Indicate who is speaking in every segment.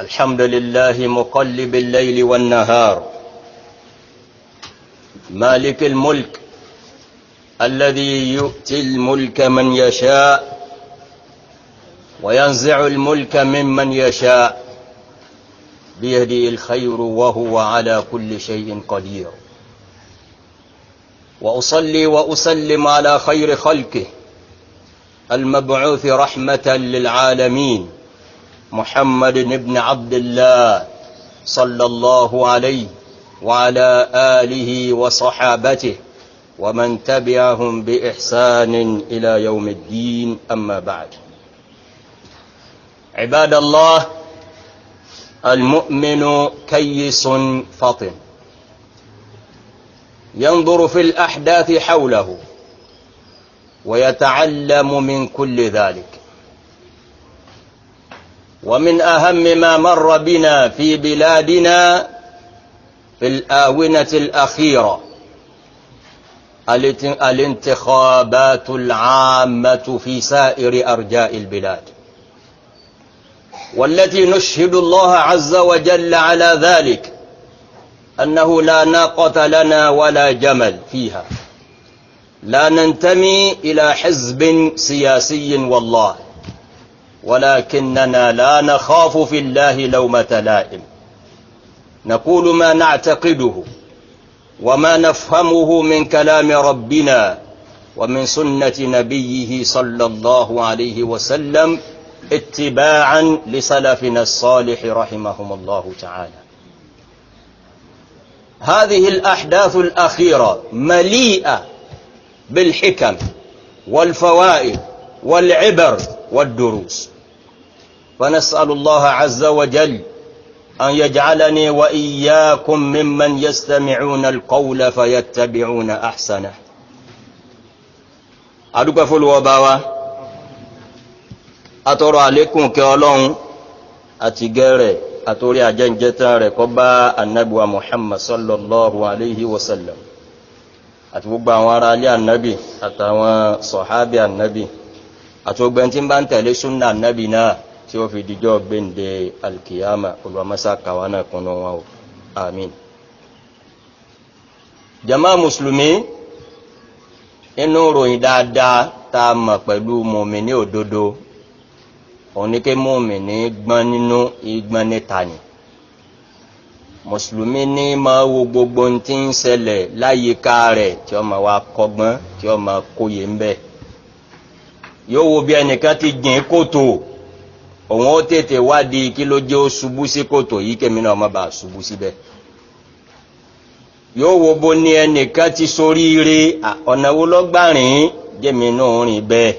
Speaker 1: الحمد لله مقلب الليل والنهار مالك الملك الذي يؤتي الملك من يشاء وينزع الملك ممن يشاء بيده الخير وهو على كل شيء قدير وأصلي وأسلم على خير خلقه المبعوث رحمة للعالمين محمد بن عبد الله صلى الله عليه وعلى آله وصحابته ومن تبعهم بإحسان إلى يوم الدين أما بعد عباد الله المؤمن كيس فطن ينظر في الأحداث حوله ويتعلم من كل ذلك ومن أهم ما مر بنا في بلادنا في الآونة الأخيرة الانتخابات العامة في سائر أرجاء البلاد والتي نشهد الله عز وجل على ذلك أنه لا ناقة لنا ولا جمل فيها لا ننتمي إلى حزب سياسي والله ولكننا لا نخاف في الله لومة لائم نقول ما نعتقده وما نفهمه من كلام ربنا ومن سنة نبيه صلى الله عليه وسلم اتباعا لسلفنا الصالح رحمهم الله تعالى هذه الأحداث الأخيرة مليئة بالحكم والفوائد والعبر والدروس فنسأل الله عز وجل أن يجعلني وإياكم ممن يستمعون القول فيتبعون أحسنه adúpẹ́ fólúwọba wa atọ́rọ àlékún kẹ ọlọ́run àti gẹ́rẹ̀ àtórí àjẹ́jẹ́tàn rẹ̀ kọ bá annabuwa muhammad sallallahu alaihi wasallam àti gbogbo àwọn ará alé annabi àtàwọn sọ̀hábí annabi àti gbogbo ẹni tí ń bá ń tẹ̀lé súnnà annabi náà tí ó fi dijọ́ gbéǹde alkiyama olùwàmásá kàwánà kùnú wọn o amin jama musulumi inú ròyìn dáadáa tá a mọ̀ pẹ̀lú mòmìnì òdodo òun ni ké mòmìnì gbọ́n nínú igbọ́n níta ni mùsùlùmí ní máa wo gbogbo ohun tí ń ṣẹlẹ̀ láyìíká rẹ̀ tí ó máa wá kọ́gbọ́n tí ó máa kóye ń bẹ̀ yóò wo bí ẹnìkan ti jìn kòtò òun ó tètè wádìí kí ló jẹ́ ó ṣubú sí kòtò yìí kèmí náà má bàa ṣubú síbẹ̀ yóò wo bó ní ẹnìkan ti sórí ire ọ̀nà wo lọ́gbàrin jẹ́mi náà rìn bẹ́ẹ̀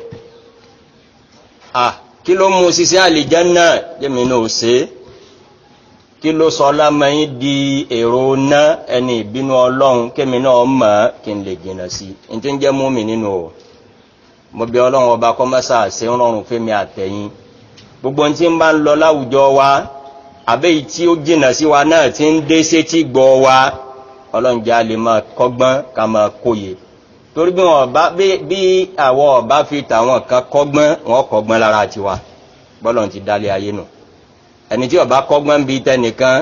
Speaker 1: kí ló mú ṣiṣẹ́ àlìjánná jẹ́mi náà ṣe kí ló sọ ọlámọyín di èrò ná ẹni ìbínú ọlọ́run kẹ́mi náà mọ̀ kí n lè jìnnà sí i ní tí ń jẹ́ mú nínú o mo bí ọlọ́run ọba kọ́mọ́sà ṣe ń rọrùn fẹ́mi àtẹ̀yìn gbogbo tí ń bá ń lọ láwùjọ wa àbẹ́ tí ó jìnà sí wa náà ti ń dé sétí gbọ́ wa ọlọ́njà lè máa kọ́gbọ́n ká máa kóye torí bí wọn bá bí àwọn ọba fi tàwọn kan kọ́gbọ́n wọn kọ́gbọ́n lára tiwa bọ́lọ̀ ti dálé ayé nù ẹni tí ọba kọ́gbọ́n bíi tẹnìkan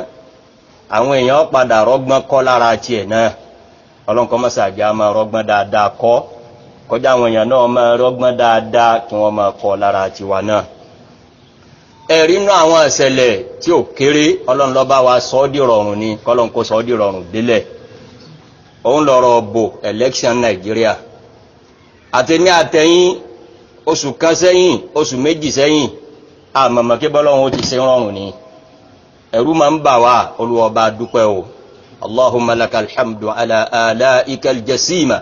Speaker 1: àwọn èèyàn padà rọ́gbọ́n kọ́ lára tiẹ̀ náà ọlọ́nkọ́ mọ́sàgbé máa rọ́gbọ́n dáadáa kọ́ kọjá àwọn èèyàn náà máa rọ́gbọ́n dáadáa kí wọ́n máa kọ́ lára tiwa náà ẹ̀rínú àwọn ìṣẹ̀lẹ̀ tí ò kéré ọlọ́run ló bá wa sọ di rọrùn ni kọ́lọ́n kó sọ di rọrùn délẹ̀ òun lọ́rọ̀ bò election Nigeria àtẹ̀ní àtẹ̀yìn oṣù kan sẹ́yìn oṣù méjì sẹ́yìn àmọ̀mọ̀ kí bọ́lọ́run ó ti ṣe rọrùn ni ẹ̀rú máa ń bà wá olùwọ̀ba dúpẹ́ o allahumma lakal hamdu ala alaika aljasima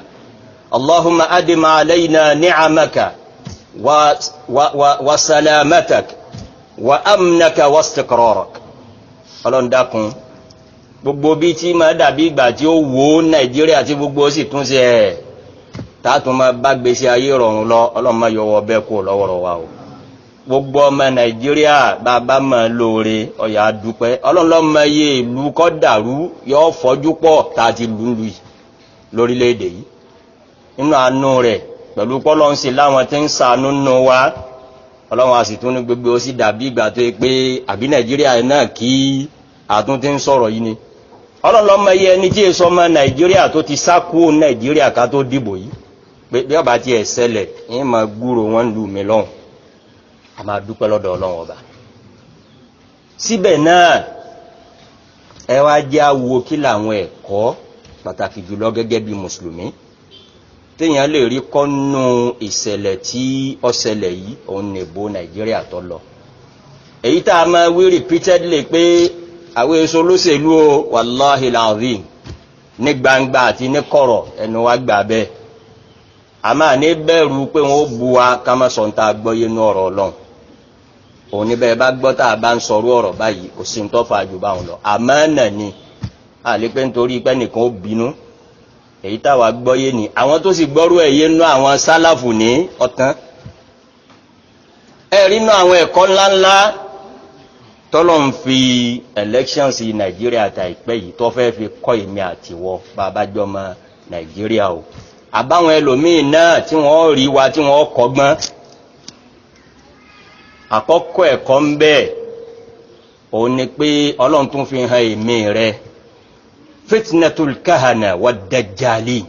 Speaker 1: allahumma adima alaina ni'amaka wa, wa, wa, wa salamatak wa amnaka wastiqrarak ọlọ́run dákun gbogbo bí tí máa dàbí ìgbà tí ó wò ó nàìjíríà tí gbogbo ó sì tún ṣe ẹ̀ tààtún máa bá gbèsè ayé rọrùn lọ ọlọ́run máa yọwọ́ bẹ́ẹ̀ kó lọ́wọ́rọ̀ wa o gbogbo ọmọ nàìjíríà bàbá máa lóore ọ̀yà dúpẹ́ ọlọ́run ló mọ iye ìlú kọ́ dàrú yọ fọ́jú pọ̀ tá a ti lù lù lórílẹ̀‐èdè yìí nínú àánú rẹ̀ pẹ̀lú pọ́lọ́nsì láwọn tí ń ṣàánú nù wa ọlọ́run a sì tún ní gbogbo ó sì dàbí ìgbà tó yẹ pé àbí nàìjíríà náà kí àtún ti ń sọ̀rọ̀ yìí ni ọlọ́lọ́mọ yẹ ẹni tí èso ọmọ nàìjíríà tó ti sá kúrò nàìjíríà ká tó dìbò yìí pé bí ọba ti ẹ̀ ṣẹlẹ̀ ń máa gbúrò wọn lù mí lọ́hùn a máa dúpẹ́ lọ́dọ̀ ọlọ́run ọba síbẹ̀ náà ẹ wá jẹ́ àwo kí làwọn ẹ̀kọ́ pàtàkì jùlọ gẹ́gẹ́ bí mùsùlùmí téèyàn lè rí kọ́nù ìṣẹ̀lẹ̀ tí ọ̀ṣẹ̀lẹ̀ yìí òun nìbò nàìjíríà tó lọ èyí tá a máa wí pé àwọn èso o wàláhì làzim ní gbangba àti ní kọ̀rọ̀ ẹnu wa gbà bẹ́ẹ̀ a máa ní bẹ̀rù pé ta ọ̀rọ̀ ọlọ́run òun bá gbọ́ tá a bá ń sọrú ọ̀rọ̀ báyìí kò sí ni nítorí nìkan ó bínú èyí táwa gbọ́yé ni àwọn tó sì gbọ́rú ẹ̀yé nú àwọn sálàfù ní ọ̀tán ẹ̀rí nú àwọn ẹ̀kọ́ ńláńlá tọ́lọ̀ ń fi elections nàìjíríà tàìpẹ́ yìí tó fẹ́ fi kọ́ èmi àtiwọ́ babájọ́mọ nàìjíríà o àbáwọn ẹlòmíì náà tí wọ́n rí wa tí wọ́n kọ́gbọ́n àkọ́kọ́ ẹ̀kọ́ ń bẹ́ẹ̀ òun ni pé ọlọ́run tún fi hàn èmi rẹ̀ fitnatul kahana wa dajjali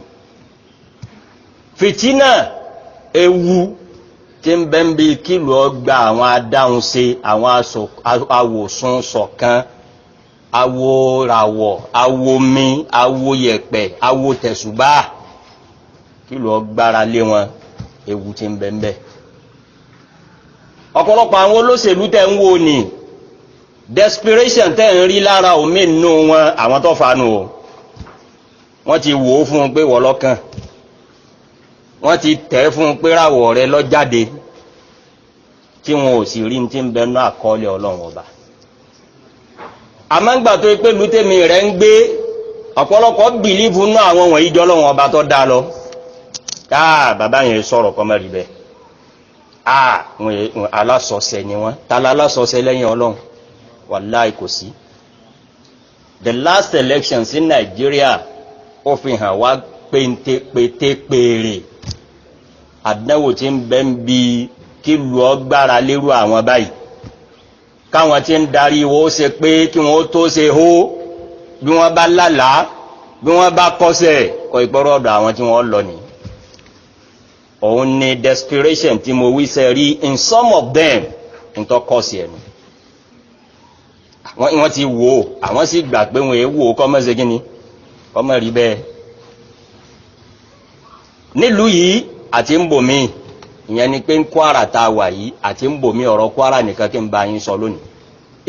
Speaker 1: fitina ewu tí ń bẹ́ ń bí kílù ọgbà àwọn adáhùn sí àwọn awòsùn sọ̀kan awo ràwọ̀ awo mi awo yẹ̀pẹ̀ awo tẹ̀sùbá kílù ọgbára lé wọn ewu tí ń bẹ́ ń bẹ́ ọ̀pọ̀lọpọ̀ àwọn olóṣèlú tẹ̀ ń wò ní desperation tẹ́ ń rí lára omi nù wọn àwọn tó fanu o wọ́n ti wò ó fún un pé wọ́n lọ́kàn wọ́n ti tẹ̀ fún un pé ráwọ̀ rẹ lọ́jáde tí wọn ò sì rí ti ń bẹnu àkọọ́lẹ̀ ọlọ́run ọba àmọ́ngbà tó pé lùtẹ́mi rẹ̀ ń gbé ọ̀pọ̀lọpọ̀ bìlífù náà àwọn wọ̀nyí jọ lọ́wọ́n ọba tó dá lọ káà bàbá yẹn sọ̀rọ̀ kọ́ mẹ́rin bẹ́ẹ̀ ah ni wọ́n ta la alásọ̀ọ̀sẹ̀ lẹ́yìn wàláì kò sí the last elections in Nigeria ó fi hàn wá pétépèrè àdánwò tí ń bẹ ń bi kí lu ọgbára lérú àwọn báyìí káwọn tí ń darí wo ṣe pé kí wọn ó tó ṣe hó bí wọn bá lálàá bí wọn bá kọsẹ̀ kọ ìgbọrọ ọ̀dọ̀ àwọn tí wọn lọ nìyí òun ni desperation tí mo wí sẹ rí in some of them n tó kọ sí ẹnu wọ́n ti wò ó àwọn sì gbà pé wọ́n èé wò ó kọ́mọ́ ṣe gíní kọ́mọ́ rí bẹ́ẹ̀ nílùú yìí àti ń bò míì ìyẹn ni pé ń Kwara tá a wà yìí àti ń bò ọ̀rọ̀ Kwara nìkan kí n bá yín sọ lónìí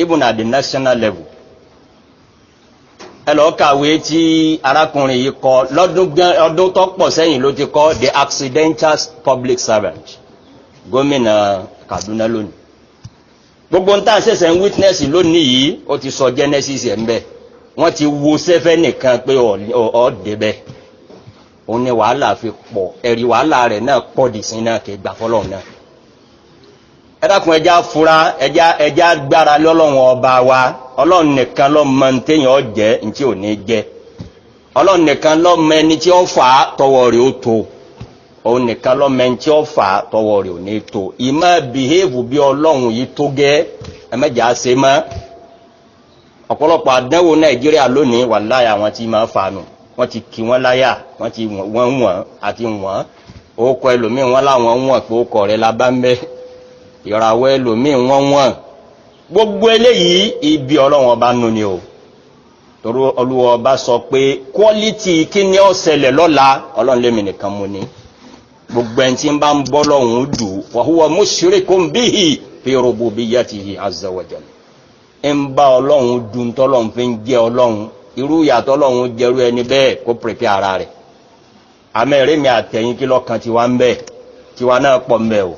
Speaker 1: even at the national level ẹ lọ́ọ́ kàwé tí arákùnrin yìí kọ lọ́dún tó pọ̀ sẹ́yìn ló ti kọ the accidental public servant gómìnà Kaduna lónìí gbogbo ń tàn ṣẹ̀ṣẹ̀ ń witness lónìí yìí ó ti sọ genesis ẹ̀ ń bẹ̀ wọ́n ti wo sẹ́fẹ́ nìkan pé ọ̀ débẹ̀ òun ni wàhálà fi pọ̀ ẹ̀rí wàhálà rẹ̀ náà pọ̀ dì sí náà kì í gbà fọlọ́ náà ẹ dákun ẹja fura ẹja ẹja gbára lọ́lọ́run ọba wa ọlọ́run nìkan ló mọ ní téèyàn ọ jẹ́ ní tí ò ní jẹ́ ọlọ́run nìkan ló mọ ẹni tí ó fà á tọwọ́ rẹ̀ ó tó òun nìkan lọ́mẹntí ọ̀fà tọwọ́ rẹ̀ ò ní tó ìmọ̀ bìhéèvù bí ọlọ́run yìí tó gẹ́ ẹ̀mẹ́jà ṣe mọ́ ọ̀pọ̀lọpọ̀ àdánwò nàìjíríà lónìí wà láyà wọn ti máa fanu wọn ti kì wọn láyà wọn ti wọn wọn àti wọn òkọ ẹlòmíì wọn láwọn wọn pé òkọ rẹ la bá ń bẹ ìràwọ̀ ẹlòmíì wọn wọn gbogbo eléyìí ibi ọlọ́run ọba nù ni o toro olúwa ọba sọ pé quality kí ni ó ṣẹlẹ̀ lọ́la ọlọ́run lèmi nìkan mu ni. gbogbo ẹni tí ń bá ń bọ́ dù bihi fi rububiyyatihi azza wa jalla ń bá ọlọ́hun dùn tọ́lọ́hun fi ń jẹ́ ọlọ́hun irú ìyàtọ̀ ọlọ́hun jẹ́rú ẹni bẹ́ẹ̀ kó pèpè ara rẹ̀ àtẹ̀yìn kí lọ́kàn tiwa ń bẹ tiwa náà pọ̀ ń o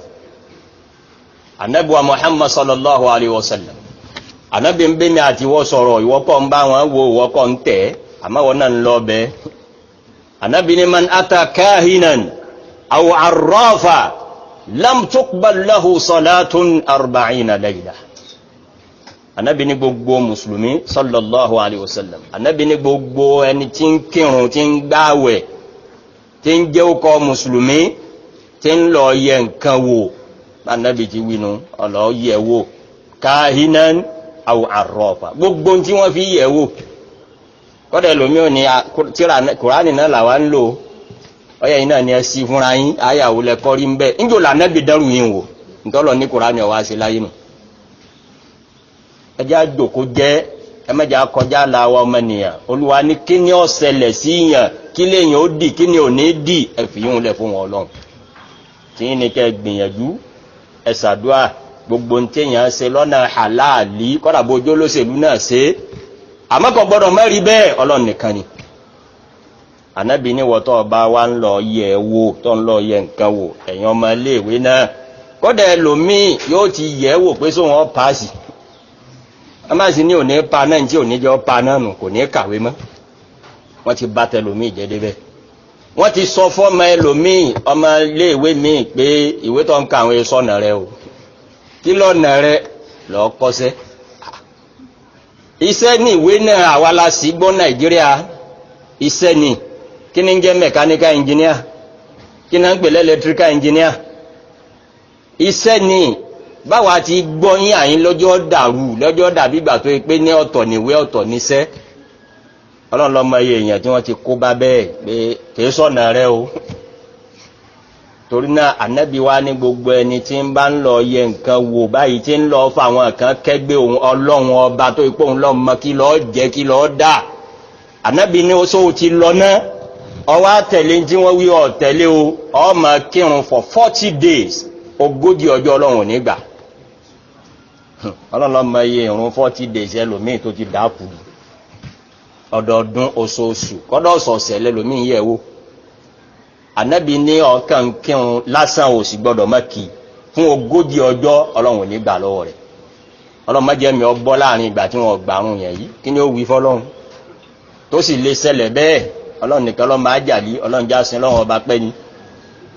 Speaker 1: anabiwa sallallahu alayhi wa sallam anabi ń bẹ́mi àti wọ́ sọ̀rọ̀ ìwọ́kọ̀ ń bá wọn wo ìwọ́kọ̀ ń tẹ̀ àmọ́ wọn náà ń lọ bẹ́ẹ̀ anabi ni man ata أو عرافة لم تقبل له صلاة أربعين ليلة anabi ni gbogbo musulumi sallallahu alayhi wa sallam anabi ni gbogbo ẹni tí ń kírun tí ń gbáwẹ̀ tí ń jẹ́ ọkọ musulumi tí ń lọ yẹ nǹkan wò anabi ti winu ọ̀lọ́ yẹ wò kahinan aw arrafa gbogbo tí wọ́n fi yẹ wò kọ́dẹ̀ lómi ò ní kúránì náà làwa ń lò ọyẹ yìí náà ni ẹ sí fúnra yín ayàwó lẹ kọ́rí ń bẹ́ níjò lànẹ́bì dẹ́rù yín wò ntọ́lọ ní kùránì ọwá sí láyé nù ẹjẹ́ àjòkó jẹ́ kọjá làwa ọmọnìyàn olúwa ní kí ni ọ sẹlẹ̀ sí kí lèyìn ó gbogbo ń ṣe lọ́nà kọ́dà bójú olóṣèlú náà ṣe àmọ́kọ̀ gbọ́dọ̀ mẹ́rin bẹ́ẹ̀ ànábì ní wọ́tọ́ ọba wa ń lọ yẹ wo tó ń lọ yẹ nǹkan wò ẹ̀yàn ọmọ iléèwé náà kódà ẹlòmíì yóò ti yẹ wò pé sóun ọ paasi amasi ní òní pa náà tí òní jẹ́ ọ pa náà nù kò ní kàwé mọ́ wọ́n ti bá tẹlòmíì jẹ́ débẹ̀ wọ́n ti sọ fọ́mọ ẹlòmíì ọmọ iléèwé míì pé ìwé tó ń ka àwọn sọ̀nà rẹ o kí lọ́nà rẹ lọ́ọ́ kọ́sẹ́ iṣẹ́ ní ìwé náà àwa la sì gbọ́ Nàìjíríà iṣẹ́ ni kí ni ń jẹ́ mechanical engineer kí ni ń pè electrical engineer iṣẹ́ ni báwa ti gbọ́ yín àyín lọ́jọ́ dàrú lọ́jọ́ dàbí ìgbà tó yẹ pé ní ọ̀tọ̀ níwé ọ̀tọ̀ níṣẹ́ ọlọ́run lọ́mọ iye èèyàn tí wọ́n ti kó bá bẹ́ẹ̀ pé kìí sọ̀nà rẹ o torí náà ànábì wa ní gbogbo ẹni tí ń bá ń lọ yẹ nǹkan wò báyìí tí ń lọ fa àwọn kan kẹgbẹ́ òun ọlọ́run ọba tó ipò òun lọ́mọ kí lọ́ọ́ jẹ́ kí lọ́ọ́ dà ànábì ní oṣó ti lọ náà ọwá tẹ̀lé tí wọ́n wí ọ̀ tẹ̀lé o ọmọ kírun for forty days ogójì ọjọ́ ọlọ́run nígbà ọlọ́run mọ iye ìrun forty days ẹlòmíì tó ti dákú ọdọọdún oṣooṣù kọ́dọ̀ ọ̀sọ̀ọ̀sẹ̀ lẹ́lòmíì yẹ̀ wò ànábì ní ọ̀kan kírun lásán ò sì gbọ́dọ̀ mọ́ kì fún ogójì ọjọ́ ọlọ́run nígbà lọ́wọ́ rẹ̀ ọlọ́run má jẹ́ mi ọ bọ́ láàrin ìgbà tí wọ́n gbàrún yẹn yìí kí ni ó wí fọlọ́run tó sì lè ṣẹlẹ̀ bẹ́ẹ̀ ọlọ́run nìkan lọ́mọ ajáàlí ọlọ́run jásìn lọ́wọ́ ọba pẹ́ ni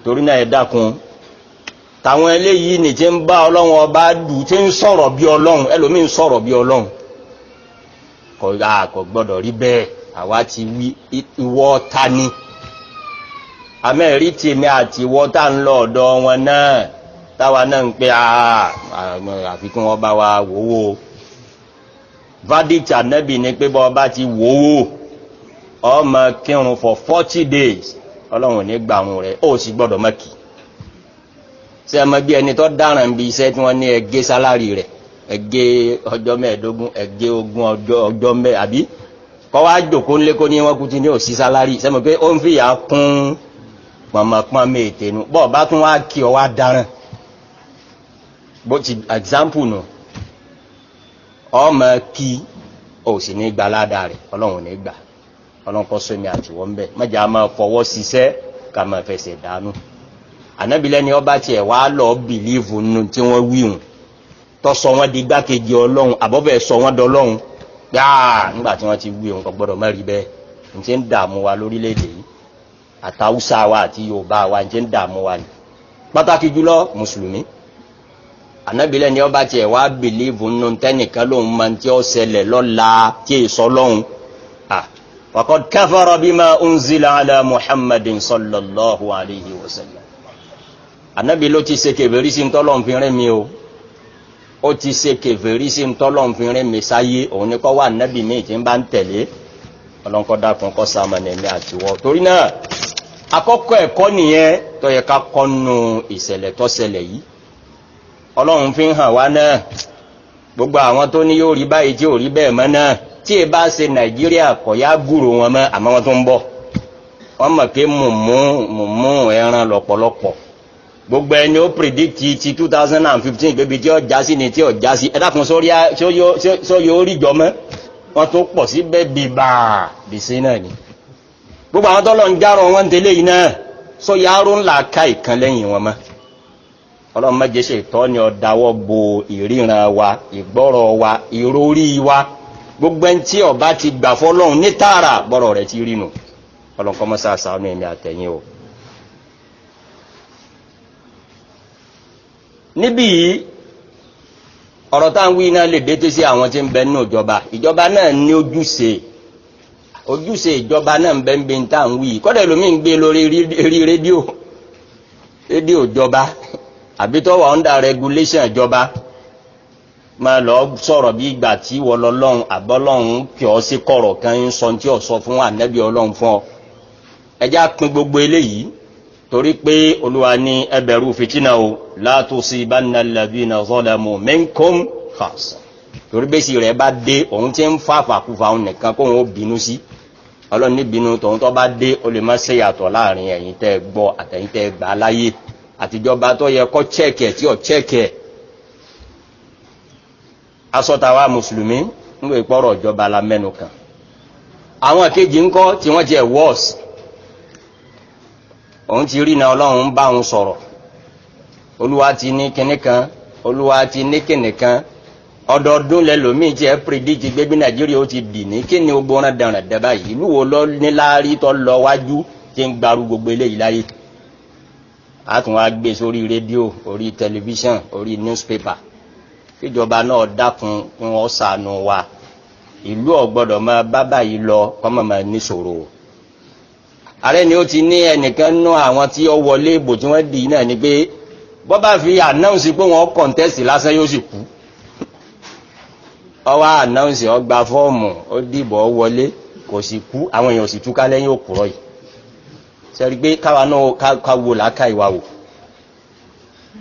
Speaker 1: torí náà ẹ dákun tàwọn eléyìí ní ti ń bá ọlọ́run ọba dù ti ń sọ̀rọ̀ bí ọlọ́run ẹlòmíín sọ̀rọ̀ bí ọlọ́run kò yá kò gbọ́dọ̀ rí bẹ́ẹ̀ àwa ti wí ìwọ ta ni amẹ́rí tèmi àti ìwọ tá ń lọ ọ̀dọ̀ wọn náà táwa náà ń pè àfikún ọba wa wòwò verdict anabi ni pé bọ́ ọba ti wòwò ọmọ kírun for forty days ọlọ́run ní gbà àwọn rẹ̀ ó sì gbọ́dọ̀ má kì í ṣé ẹ mọ bí ẹni tó dáràn bí iṣẹ́ tí wọ́n ní ẹgẹ́ sálárì rẹ̀ ẹgẹ́ ọjọ́ mẹ́ẹ̀ẹ́dógún ẹgẹ́ ogún ọjọ́ mẹ́ẹ̀ àbí kọ́ wá jòkó ńlé kó ní wọ́n kú ti ní òsì sálárì ṣé mo pé ó ń fìyà kún pọ̀nmọ̀pọ̀n mi ètè nu bọ́ọ̀ bá tún wá kí ọ wá dáràn bó ti example nù ọmọ kí òsì ní gbaládà rẹ̀ ọlọ́run ní gbà ọlọ́nkọ́ sọmi àtiwọ́ ńbẹ mọ́jà máa fọwọ́ ṣiṣẹ́ ká máa fẹsẹ̀ dànù ànábìlẹ́ni ọba tiẹ̀ wá lọ bìlíìfù nù tí wọ́n wíhùn tó sọ wọ́n di gbákejì ọlọ́run àbọ̀bẹ̀ sọ wọ́n dọlọ́run gbáà ah, nígbà tí wọ́n ti wíhùn kò gbọ́dọ̀ má rí bẹ́ẹ̀ n ti ń dààmú wa lórílẹ̀‐èdè yìí àtàwùsà wa àti yorùbá wa n ti ń dààmú wa ni pàtàkì jùlọ mùsùlùmí ànábìlẹ́ni ọba tiẹ̀ wá bìlíìfù nù tẹ́nìkan lòun máa ń tí ó ṣẹlẹ̀ lọ́la tí èso lọ́hùn وقد كفر بما أنزل على محمد صلى الله عليه وسلم Ànábì ló ti ṣe kèfèrí sí ntọ́lọ́n fi rẹ́ mi o ó ti ṣe kèfèrí sí ntọ́lọ́n fi rẹ́ mi sáyé òun ni kọ́ wà nábì mi tí ń bá ń tẹ̀lé ọlọ́nkọ́ dákun kọ́ sàmọ̀nà ẹ̀mí àtiwọ́ torí náà akọ́kọ́ ẹ̀kọ́ nìyẹn tó yẹ ká kọ́nu ìṣẹ̀lẹ̀ tó yìí Ọlọ́run fi hàn wá náà gbogbo àwọn tó ní yóò rí báyìí tí ò rí bẹ́ẹ̀ mọ́ náà tí ì bá ṣe nàìjíríà kọ̀ yá gùrù wọn mọ́ àmọ́ wọn tó ń bọ̀ wọ́n mọ̀ pé mùmú mùmú ẹran lọ́pọ̀lọpọ̀ gbogbo ẹni ó pìrìdìtì ti two thousand and fifteen gbébi tí ó já sí ni tí ó já sí ẹ dákun sórí ó rí jọ mọ́ wọ́n tó pọ̀ sí bẹ́ẹ̀ bíbà bìsí náà ni gbogbo àwọn tọ́lọ̀ ń járọ wọn tẹ́lé yìí náà sọ yàrá ńlá ká ìkan lẹ́yìn wọn mọ́ ọlọ́run mẹ́jẹ ni ọ̀dàwọ́ bo ìríran wa ìgbọ́rọ̀ wa ìrórí wa gbogbo ẹni tí ọba ti gbà fọlọ́hún ní tààrà bọ́rọ̀ rẹ̀ ti rí nu ọlọ́nkọ́ mọ́ sáà sáà àtẹ̀yìn o. níbí yìí ọ̀rọ̀ tá à ń wí náà lè dé tó sí àwọn tí ń bẹ nínú ìjọba ìjọba náà ní ojúṣe ojúṣe ìjọba náà ń bẹ ń bẹ ń tà ń wí kọ́dà ẹlòmíì ń gbé lórí rí rédíò rédíò ìjọba àbí under regulation ìjọba máa lọ sọ̀rọ̀ bí ìgbà tí wọ́n lọ lọ́hùn àbọ́lọ́hùn kì ọ́ sí kọ̀rọ̀ kan ń sọ tí ò sọ fún ànábì ọlọ́hùn fún ọ. ẹ já gbogbo eléyìí torí pé olúwa ní ẹ bẹ̀rù fìtínà o la tusibanna alladhina zalamu minkum khassa. torí bẹ́sì rẹ̀ bá dé òun ti ń fa àfàkùfà òun nìkan kó òun ó bínú sí ọlọ́run ní bínú tòun tó bá dé o lè má ṣe yàtọ̀ láàrin ẹ̀yin tẹ́ gbọ́ àtẹ̀yin tẹ́ gbà láyé àtijọba tó yẹ kó chẹ́ẹ̀kì ẹ̀ tí ò chẹ́ẹ̀kì ẹ̀ asọ́tawà mùsùlùmí ń gbé ìpọ́rọ̀ ìjọba la mẹ́nu kan àwọn kejì ń kọ́ tí wọ́n jẹ́ wọ́ọ̀sì òun ti rí na ọlọ́run ń bá òun sọ̀rọ̀ olúwa ti ní kinní kan olúwa ti ní kinní kan ọdọọdún lẹlòmíì tí ẹ pírídìtì gbé bí nàìjíríà ó ti dì ní kí ni gbogbo ọ̀nà dànù dàbà yìí ìlú wo lọ níláárí tó lọ wájú tí ń gbaru gbogbo eléyìí láyé a tún wá gbé sórí rédíò orí tẹlifíṣàn orí newspaper kíjọba náà dákun kún ọ ṣàánú wa ìlú ọ̀gbọ́dọ̀ máa bá báyìí lọ kọ́mọ máa níṣòro ààrẹ ni ó ti ní ẹnìkan ná àwọn tí ó wọlé ìbò tí wọ́n dì í náà ni pé bọ́ bá fi ànáùnsì pé wọ́n kọ̀ǹtẹ́sì lásán yóò sì kú ọwọ́ ànáùnsì ó gba fọ́ọ̀mù ó dìbò ó wọlé kò sì kú àwọn èèyàn sì túká lẹ́yìn òkúrọ̀ yìí sẹ́rí pé káwa náà ká wo làákà ìwà wò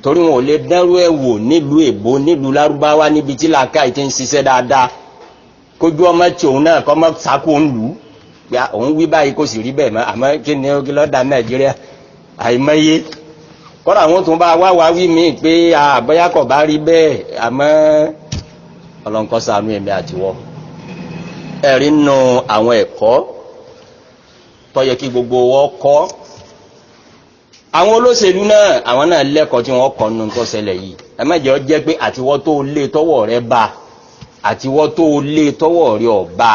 Speaker 1: torí wọn ò lè dẹ́rú ẹ̀ wò nílùú èbó nílùú lárúbáwá níbi tí làákàyè ti ń ṣiṣẹ́ dáadáa kójú ọmọ tí òun náà kọ́ mọ́ sáko ń lù ú pé òun wí báyìí kò sì rí bẹ́ẹ̀ mọ́ àmọ́ kí ni kí lọ́ọ́ da nàìjíríà àìmọye kọ́ra àwọn tó ń bá wá wá wí mí pé àbáyá kò bá rí bẹ́ẹ̀ àmọ́ ọlọ́nkọ́ ṣàánú èmi àtiwọ́ ẹ̀rí nù àwọn ẹ̀kọ́ tó kí gbogbo wọn kọ́ àwọn olóṣèlú náà àwọn náà lẹ́kọ̀ọ́ tí wọ́n kọ́ nínú tó ṣẹlẹ̀ yìí ẹ má jẹ́ ọ jẹ́ pé àtiwọ́ tó lé tọ́wọ́ rẹ bá àtiwọ́ tó lé tọ́wọ́ rẹ ọ̀ba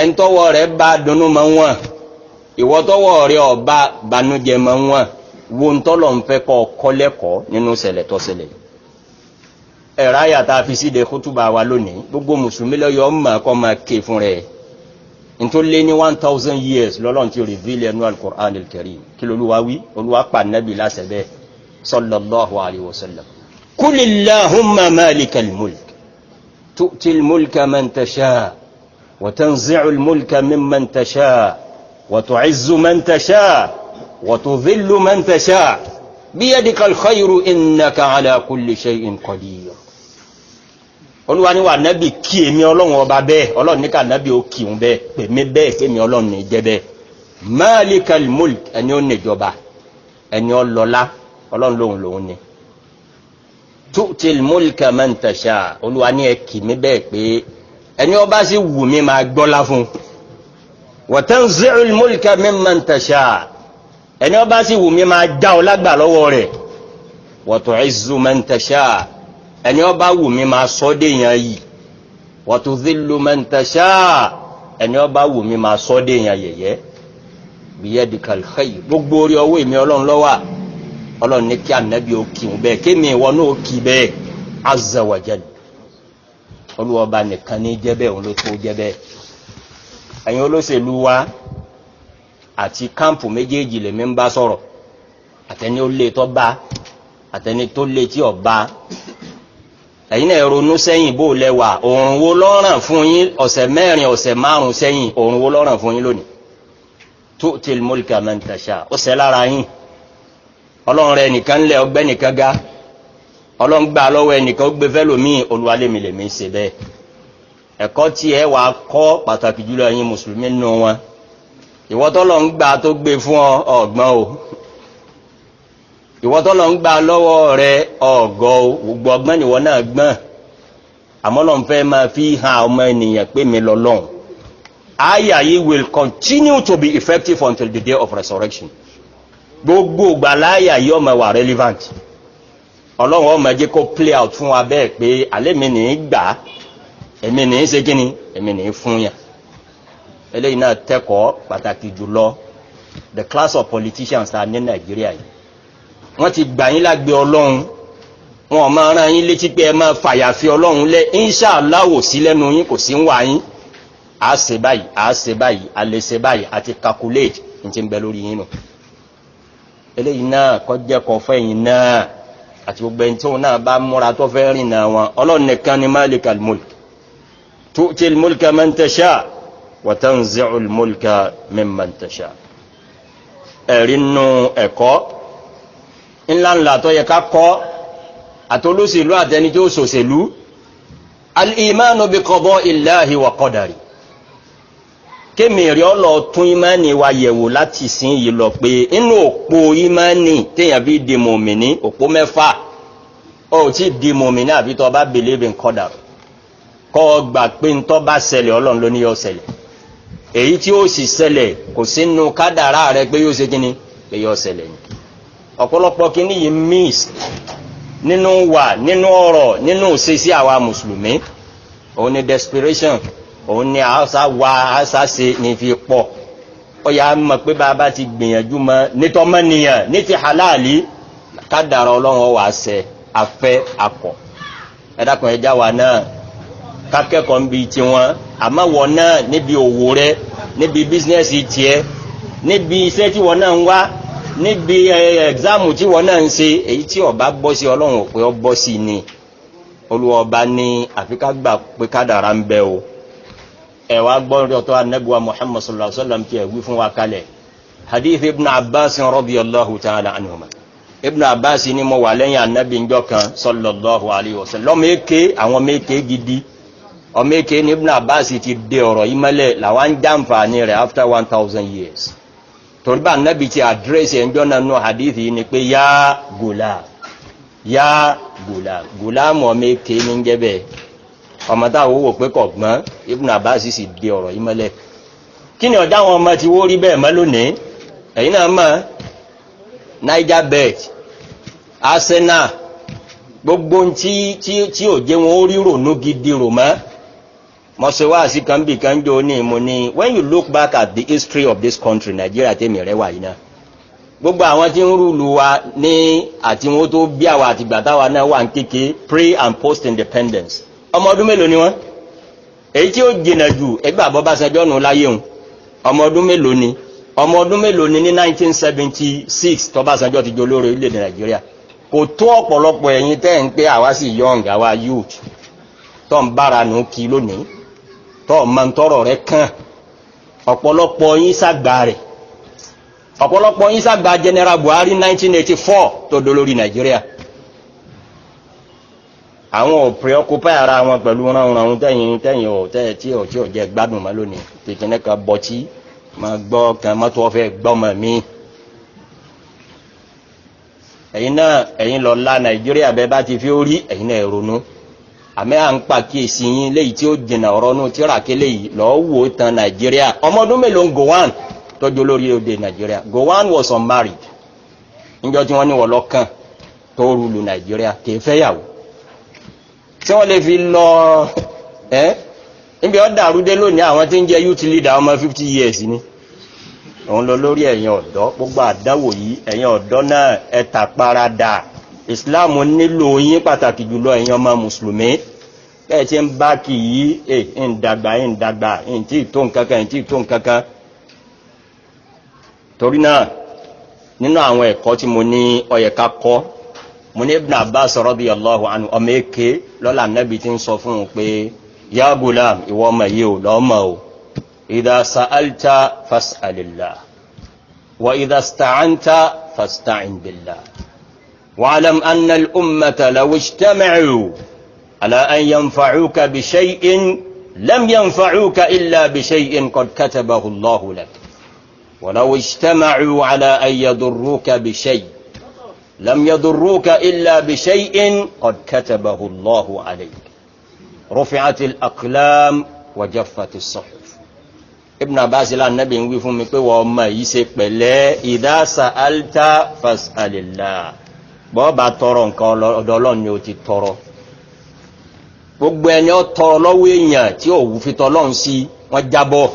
Speaker 1: ẹn tọ́wọ́ rẹ bá dunnú mọ́ wọn ìwọ́ tọ́wọ́ rẹ ọ̀ba banújẹ́ mọ́ wọn wo ń tọ́lọ̀ ń fẹ́ kọ́ kọ́ lẹ́kọ̀ọ́ nínú ṣẹlẹ̀ tó ṣẹlẹ̀ yìí ẹ̀ráyà tá fi síde kútùbà wa lónìí gbogbo mùsùlùmí lọ́yọ́ ọmọ kọ́ máa ké fún rẹ̀ into lé ní one thousand years lọ́lọ́run ti reveal ẹnu alquran alkarim karim kí lolúwa wí olúwa pa nàbì láṣẹ bẹ́ẹ̀ sallallahu alaihi alayhi wa sallam قل tu'ti almulka man tasha wa tanzi'u almulka mimman tasha wa tu'izzu man tasha wa tudhillu man tasha بيدك الخير innaka ala kulli shay'in qadir olúwa ní wà nábì kí èmi ọlọ́run ọba bẹ́ẹ̀ ọlọ́run ní ká nábì ó kì ń bẹ́ẹ̀ pèmí bẹ́ẹ̀ kémi ọlọ́run ní jẹ́ bẹ́ẹ̀ malikal mulk ẹni ó níjọba ẹni ó lọ́lá ọlọ́run lòun lòun ni tutil mulka man tasha olúwa ní ẹ kì mí bẹ́ẹ̀ pé ẹni ó sì wù mí máa gbọ́lá fún wa tanzi'ul mulka mimman tasha ẹni ó sì wù mí máa já ọ lágbà rẹ̀ wa tu'izzu man tasha ẹni ọba wù mí máa sọ déèyàn yìí wa tudhillu man tasha ẹni ọba wù mí máa sọ déèyàn yẹ̀yẹ́ biyadikal khayr gbogbo orí ọwọ́ èmi ọlọ́run ló wà ọlọ́run ní kí ànábì ó kì í bẹ́ẹ̀ kémi ìwọ náà kì bẹ́ẹ̀ azza olùwọ́ba nìkan ní jẹ́ òun ló tó jẹ́ ẹ̀yin olóṣèlú wa àti kámpù méjèèjì lèmi ń bá sọ̀rọ̀ àtẹni ó lé tó bá àtẹni tó lé tí ó bá ẹ̀yin náà ronú sẹ́yìn bó lẹ́wà òòrùn wo lọ́ràn fún yín ọ̀sẹ̀ mẹ́rin ọ̀sẹ̀ márùn sẹ́yìn òòrùn wo lọ́ràn fún yín lónìí tu'til mulka man tasha ó sẹ́ lára yín ọlọ́run rẹ nìkan lẹ ọgbẹ́ nìkan ga ọlọ́run gbà lọ́wọ́ ẹnìkan ó gbé fẹ́lòmíì olúwalémilèmí ṣe bẹ́ẹ̀ ẹ̀kọ́ tí ẹ wàá kọ́ pàtàkì jùlọ ẹ̀yin mùsùlùmí nù wọn ìwọ́tọ́lọ́ ń ìwọ́tọ́lọ ń gba lọ́wọ́ rẹ ọ̀gọ́ gbogbo ọgbọ́n ìwọ náà gbọ́n àmọ́lọ́n fẹ́ máa fi hàn ọmọ ènìyàn pé mi lọ́lọ́run àyà yìí will continue to be effective until the day of resurrection gbogbo gbàláyà yìí ọmọ wà relevant ọlọ́run ọmọ jẹ́ kó play out fún wa bẹ́ẹ̀ pé alẹ́ mi ní gbà èmi ní ṣe kíni èmi ní fún yàn eléyìí náà tẹ́kọ̀ọ́ pàtàkì jùlọ the class of politicians ta ní nàìjíríà yìí wọ́n ti gbà yín lágbe ọlọ́run wọn máa rán yín létí pé ẹ máa fàyàfi ọlọ́run lẹ inṣàlá ò sí lẹ́nu yín kò sí ń wà yín a ṣe báyìí a ṣe báyìí a lè ṣe báyìí àti calculate n ti ń bẹ lórí yín nù eléyìí náà kọjá kọ fẹ́yìn náà àti gbogbo ẹni tóun náà bá múra tó fẹ́ rìn náà wọn ọlọ́run nìkan ni malik al-mulk tu'ti al-mulk man tasha wa tanzi'u al-mulk mimman tasha ẹ̀rí nù ẹ̀kọ́ ńláńlá tó yẹ ká kọ́ àtolóṣèlú àtẹni tí ó ṣòṣèlú al-imanu bi qada'illahi wa qadari kémèrè ọlọ tún ìmánì wa yẹ̀wò láti sin yìí lọ pé inú òpó ìmánì téèyàn fi di mòmìnì òpó mẹ́fà ó ti di mòmìnì àbí tó bá believe in qadar kọ́ gbà pé ntọ́ bá ṣẹlẹ̀ ọlọ́run ló ní yọ ṣẹlẹ̀ èyí tí ó sì ṣẹlẹ̀ kò sínú kádàrá rẹ pé yóò ṣe kíni pé yọ ṣẹlẹ̀ ni ọ̀pọ̀lọpọ̀ kíní yìí miss nínú wà nínú ọ̀rọ̀ nínú òṣèṣì àwa mùsùlùmí òun ni desperation òun ni àṣà wa àṣà ṣe ní fi pọ̀ ó yà á mọ̀ pé bàbá ti gbìyànjú mọ́ nítọ́mọ́nìyàn ní ti halali kádàrá ọlọ́run wà ṣe afẹ́ akọ̀ ẹ̀dàkùn ẹja wa náà kákẹ́kọ̀ọ́ ń bi tiwọn àmọ́ wọ náà níbi òwò rẹ níbi bísínẹ́sì tiẹ níbi iṣẹ́ tí wọ́n náà ń wá níbi ẹ̀gzámù tí wọ́n náà ń ṣe èyí tí ọba bọ́ sí ọlọ́run ò pé ọ bọ́ sí ni olúwa ọba ní àfikà pé kádàrá ń bẹ o ẹ wá gbọ́n rí ọ̀tọ́ anẹ́gbẹ̀wá muhammad sallallahu alayhi wa sallam tí ẹ wí fún wa kalẹ̀ hadith ibn abbas radiyallahu ta'ala anhuma ibn abbas ni mo wà lẹ́yìn anabi njọ́ kan sallallahu alayhi wa sallam lọ́mọ èké àwọn ọmọ èké gidi ọmọ èké ni ibn abbas ti dé ọ̀rọ̀ yìí mẹ́lẹ̀ làwọn ń jàǹfààní rẹ̀ after one thousand years. torípa nẹ́bi ti àdírẹ́sì ẹjọ́ náà hadithi ni pé yá gùlà yá gùlà gùlà mọ̀ mi ké ní jẹ́bẹ̀ ọmọ táwọn wò pé kọ̀gbọ́n ibùn àbáṣì sì di ọ̀rọ̀ yìí kí ni ọ̀dá àwọn ọmọ ti wó rí bẹ́ẹ̀ mọ́ lónìí ẹ̀yin náà niger gbogbo tí ò jẹ́ wọn ó rí gidi mọ̀sẹ̀wáàsí kan bì kan jò ní mo ní when you look back at the history of this country Nigeria tèmi rẹ wà yìí náà gbogbo àwọn tí ń rúlu wa ní àti wọn tó bí àwa àtìgbà táwa náà wà ń kéke pre and post independence ọmọ ọdún mélòó ni wọn èyí tí ó jìnà jù ẹgbẹ́ àbọ̀básanjọ́ nù láyé òun ọmọ ọdún mélòó ni ọmọ ọdún mélòó ni ní 1976 tọ́básanjọ́ ti jolóore ilẹ̀ nàìjíríà kò tó ọ̀pọ̀lọpọ̀ ẹ̀yin tẹ́ ń pé àwa sì yọ̀ǹgà wa youth tó ń bára nù kí lónìí tọ́ ma ń tọrọ rẹ kàn ọ̀pọ̀lọpọ̀ yín sàgbà rẹ̀ ọ̀pọ̀lọpọ̀ yín sàgbà general Buhari 1984 tó dolórí Nàìjíríà àwọn ò preoccupy ara wọn pẹ̀lú ránranrun tẹ̀yìn tẹ̀yìn ò tẹ̀ tí ò tí ò jẹ́ gbádùn mọ́ lónìí pèkínẹ́ kan bọ́tí ma gbọ́ kan mọ́tò ọ̀fẹ́ gbọ́mọ mi ẹ̀yin náà ẹ̀yin lọ́la Nàìjíríà bẹ́ẹ̀ bá ti fi ó rí ẹ̀yin náà ronú. àmẹ́ à ń pàkíyèsí yín léyìí tí ó jìnà ọ̀rọ̀ nù tí ra yìí lọ́ọ́ wò ó tan nàìjíríà ọmọdún mélòó gowan tọ́jú olórí òde nàìjíríà gowan was unmarried níjọ́ tí wọ́n ní wọ́n lọ́kàn tó rúlu nàìjíríà kìí fẹ́yàwó tí wọ́n lè lọ ẹ́ níbi ọ́ lónìí àwọn tí ń jẹ́ youth leader ọmọ fifty years ni òun lọ lórí ọ̀dọ́ gbogbo àdáwò yìí ọ̀dọ́ náà ẹ̀ tàparadà islam nílò yín pàtàkì jùlọ ẹ̀yin ọmọ mùsùlùmí bẹ́ẹ̀ tí ń bá kì í ẹ̀ ń dàgbà ń dàgbà ń tí tó nǹkankan ń tí tó nǹkankan torí náà nínú àwọn ẹ̀kọ́ tí mo ní ó yẹ ká kọ́ mo ní ibn abbas radiyallahu anhu ọmọ èké lọ́la nẹ́bi tí ń sọ fún un pé ya ìwọ ọmọ yìí ò lọ́mọ o idha sa'alta fas'alillah wa idha ista'anta fasta'in واعلم أن الأمة لو اجتمعوا على أن ينفعوك بشيء لم ينفعوك إلا بشيء قد كتبه الله لك ولو اجتمعوا على أن يضروك بشيء لم يضروك إلا بشيء قد كتبه الله عليك رفعت الأقلام وجفت الصحف ابن عباس لا النبي يقول فمي وما يسق إذا سألت فاسأل الله bọ́ọ̀bá tọrọ nǹkan ọ̀dọ̀ ọlọ́run ni ó ti tọrọ gbogbo ẹni ó tọrọ lọ́wọ́ èèyàn tí òwú fi tọlọ́run sí wọ́n jábọ́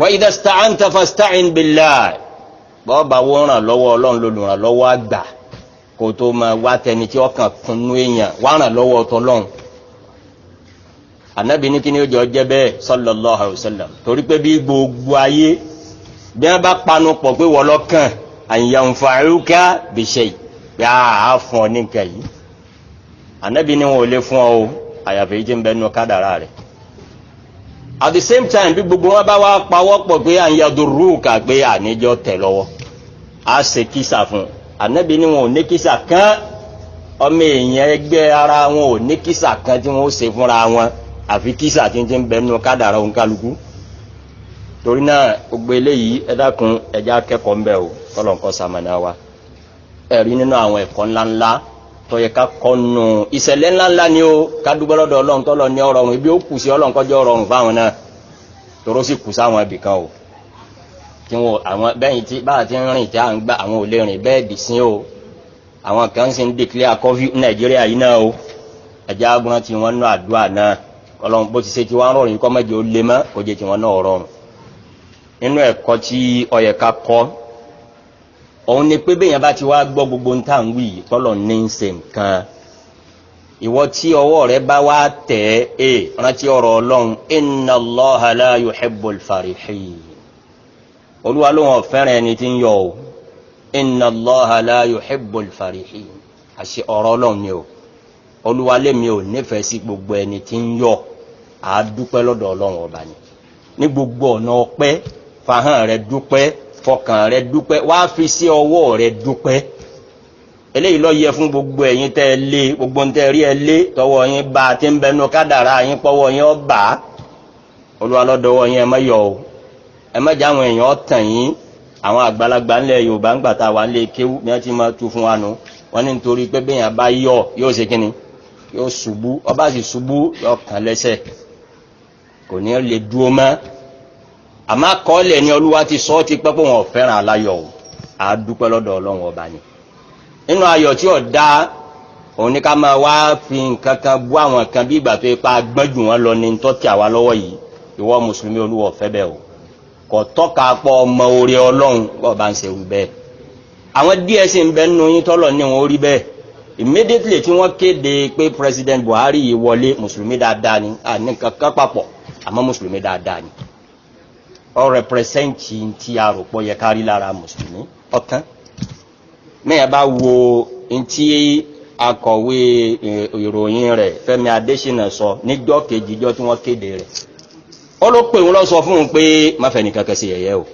Speaker 1: wa idha sta'anta fasta'in billah bọ́ọ̀bá wọ́n ràn lọ́wọ́ ọlọ́run lolùrànlọ́wọ́ àgbà kò tó máa wá tẹni tí ọkàn kúnnú èèyàn wá ràn lọ́wọ́ tọlọ́run ànábì ní kí ni ó bẹ́ẹ̀ sallallahu alaihi wasallam torí pé bí gbogbo ayé bí wọ́n bá panu pọ̀ pé wọ́n lọ́kàn àyànfàáríkà bí ṣe yà á fún ọ ní nǹkan yìí ànábì ni wọn ò lè fún ọ o àyàfi yìí ti ń bẹnu kádàrá rẹ at the same time bí gbogbo wọn bá wá pawọ́pọ̀ pé àyàdùrúkà pé àníjọ tẹ̀ lọ́wọ́ á ṣe kísà fún un ni wọn ò ní kísà kan ọmọ èèyàn ẹgbẹ́ ara wọn ò ní kísà kan tí wọn ó ṣe fúnra wọn àfi kísà tí ń ti ń bẹnu kádàrá òǹkálukú. torí náà gbogbo eléyìí ẹ dákun ẹjẹ akẹkọọ ń bẹ o kọlọǹkọ sàmánà wa ẹ̀rí nínú àwọn ẹ̀kọ́ ńláńlá tọyẹ yẹ ká kọnu ìṣẹ̀lẹ̀ ńláńlá ni o ká dúpẹ́ Ọlọ́run tọlọ ní ọrọrùn ibi ó kù sí Ọlọ́run ọrọrùn fáwọn náà sì kù o tí wọn àwọn bẹyìn tí bá a ti rìn tí o àwọn kan sì ń Nàìjíríà o ẹjẹ agbọn wọn àdúrà náà bó nínú ẹ̀kọ́ tí ọyẹ ká kọ́ òun ni pé bẹ́ẹ̀ yẹn bá ti wá gbọ́ gbogbo ń tà ń tọ́lọ̀ ní í ṣe nǹkan ìwọ tí ọwọ́ rẹ bá wá tẹ̀ ẹ́ rántí ọ̀rọ̀ ọlọ́run inna Allaha la yuhibbul farihin olúwa ló wọn fẹ́ràn ẹni tí ń yọ o àṣẹ ọ̀rọ̀ ọlọ́run ni o olúwa lèmi ò nífẹ̀ẹ́ sí gbogbo ẹni tí ń fàhán rẹ dúpẹ́ fọkàn rẹ dúpẹ́ wá fi sí ọwọ́ rẹ dúpẹ́ eléyìí ló yẹ fún gbogbo ẹ̀yin tẹ́ lé gbogbo ń tẹ́ rí ẹ lé tọwọ́ yín bá a ti ń bẹnu kádàrá yín pọ́wọ́ yín ọ bá a olúwa lọ́dọ̀wọ́ yín ẹ má yọ̀ o ẹ má jẹ́ àwọn èèyàn tàn yín àwọn àgbàlagbà ńlẹ̀ Yorùbá ńgbà tá a wà ńlẹ̀ kéwú ni wọ́n ti máa tu fún wa nù wọ́n ní nítorí pé bẹ́ẹ̀ yẹn bá yọ̀ yóò ṣe kíni yóò ṣubú ọba sì ṣubú yọ kàn lẹ́sẹ̀ kò ní lè dúró mọ́ àmọ́ àkọọ́lẹ̀ ni olúwa ti sọ ọ́ ti pẹ́ pé wọn ò fẹ́ràn aláyọ̀ o àdúpẹ́ lọ́dọ̀ ọlọ́run ọba ni nínú ayọ̀ tí ò da òun ni ká máa wá fi nǹkan kan bú àwọn kan bí ìgbà tó yẹ pa agbọ́n jù wọ́n lọ ní tọ́tí àwa lọ́wọ́ yìí ìwọ mùsùlùmí olúwa ọ̀fẹ́ bẹ́ẹ̀ o kò tọ́ka pọ̀ ọmọ orí ọlọ́run bọ́ọ̀ ń ṣe wù bẹ́ẹ̀ àwọn díẹ̀ sì ń bẹ nínú yín tọ́lọ̀ ní wọn ó rí bẹ́ẹ̀ immediately tí wọ́n kéde pé president Buhari yìí wọlé mùsùlùmí dáadáa ni àní kankan papọ̀ àmọ́ mùsùlùmí dáadáa ni. ọ rẹpẹrẹsẹ́ǹtì ti àròpọ̀ yẹ kárí lára mùsùlùmí ọkàn mẹ́yàn bá wo ntí akọ̀wé e, ìròyìn rẹ̀ Fẹ́mi Adésínà sọ níjọ́ kejìjọ́ tí wọ́n kéde rẹ̀ ó ló pè wọ́n lọ sọ fún un pé má fẹ́ nìkan o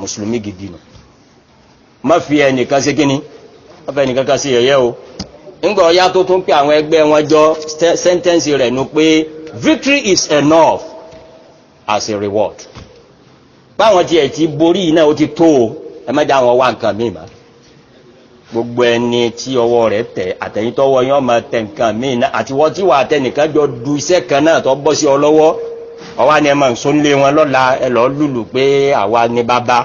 Speaker 1: mùsùlùmí gidi nù má fi ẹnìkan sí kínní má o ya tó tún àwọn ẹgbẹ́ wọn jọ sẹ́ńtẹ́ǹsì rẹ̀ victory is enough as a reward báwọn tiẹ̀ ti borí náà ó ti tó o ẹ má dá wọn wá nǹkan míì mọ́ gbogbo ẹni tí ọwọ́ rẹ̀ tẹ̀ àtẹ̀yìntọ́wọ́ yẹn ọmọ tẹ̀ nǹkan míì náà àtiwọ́ tí wàá tẹ nìkan jọ du iṣẹ́ kan náà tó bọ́ sí ọ lọ́wọ́ ọwọ́ ni ẹ máa ń nílé wọn lọ́la ẹ lọ́ọ́ lùlù pé àwa ni bàbá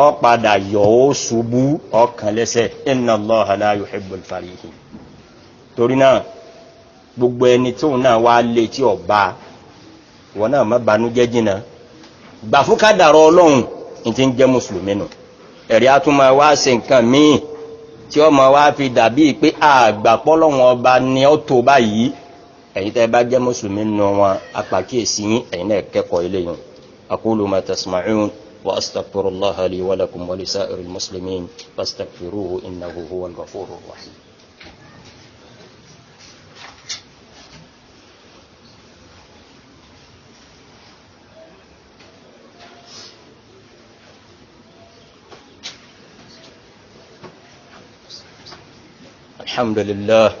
Speaker 1: ọ padà yọ ó ṣubú ọkàn lẹ́sẹ̀ inna Allaha la yuhibbul farihin torí náà gbogbo ẹni tóun náà wá lé tí ọba wọn náà má banújẹ́ jìnnà gbà fún kádàrọ ọlọ́run ní ti ń jẹ́ mùsùlùmí nù ẹ̀rí a tún máa wá ṣe nǹkan míì tí ó máa wá fi dàbí pé àgbàpọ̀ lọ́wọ́n ọba ni ó tó báyìí ẹ̀yin tẹ́ bá jẹ́ mùsùlùmí nù wọn apàkíyèsí yín ẹ̀yin náà kẹ́kọ̀ọ́ eléyìí aqulu ma tasma'un wa astaghfirullaha li wa lakum wa lisa'iril muslimin fastaghfiruhu innahu huwal ghafurur rahim الحمد لله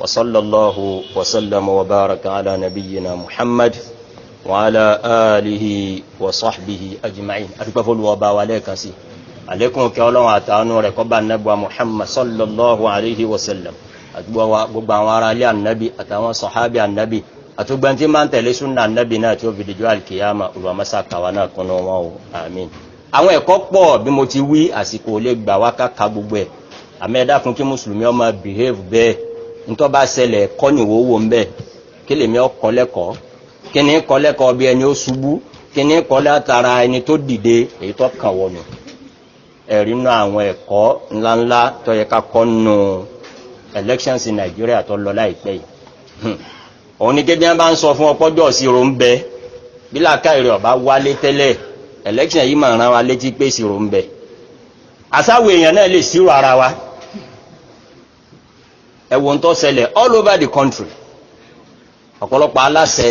Speaker 1: وصلى الله وسلم وبارك على نبينا محمد وعلى آله وصحبه أجمعين أتكفوا الوباء عليك سي عليكم كولا وعتانو ركبا النبوة محمد صلى الله عليه وسلم gbogbo àwọn ará ilé ànábì àtàwọn sọ̀hábì ànábì àtúgbọ́n tí máa ń tẹ̀lé súnà ànábì náà tí ó fi dìjọ́ alkiyama olùwàmọ́sá kàwá náà kúnnú wọn o àmín àwọn ẹ̀kọ́ pọ̀ bí mo ti wí àsìkò lè gbà wá káka gbogbo ẹ̀ àmẹ́ẹ̀dàkùn kí mùsùlùmí ọmọ bìhéèvù bẹ́ẹ̀ ntọ́ bá kọ́ ni wòówò ń bẹ̀ kí lèmi ọkọ̀ lẹ́kọ̀ọ́ kí ni kọ́ lẹ́kọ̀ọ́ bí ẹni ó ṣubú kí ni kọ́ látara ẹni tó dìde èyí tó kàn ẹ̀rí nù àwọn ẹ̀kọ́ ńláńlá tó yẹ ká kọ́ Nigeria tó lọ hmm. bá ń sọ fún ọpọ́jọ́ ń bẹ bí ọba wálé election yìí máa wa létí pé ń bẹ àsáwò èèyàn náà ẹ̀wọ̀n tó ṣẹlẹ̀ all over the country ọ̀pọ̀lọpọ̀ aláṣẹ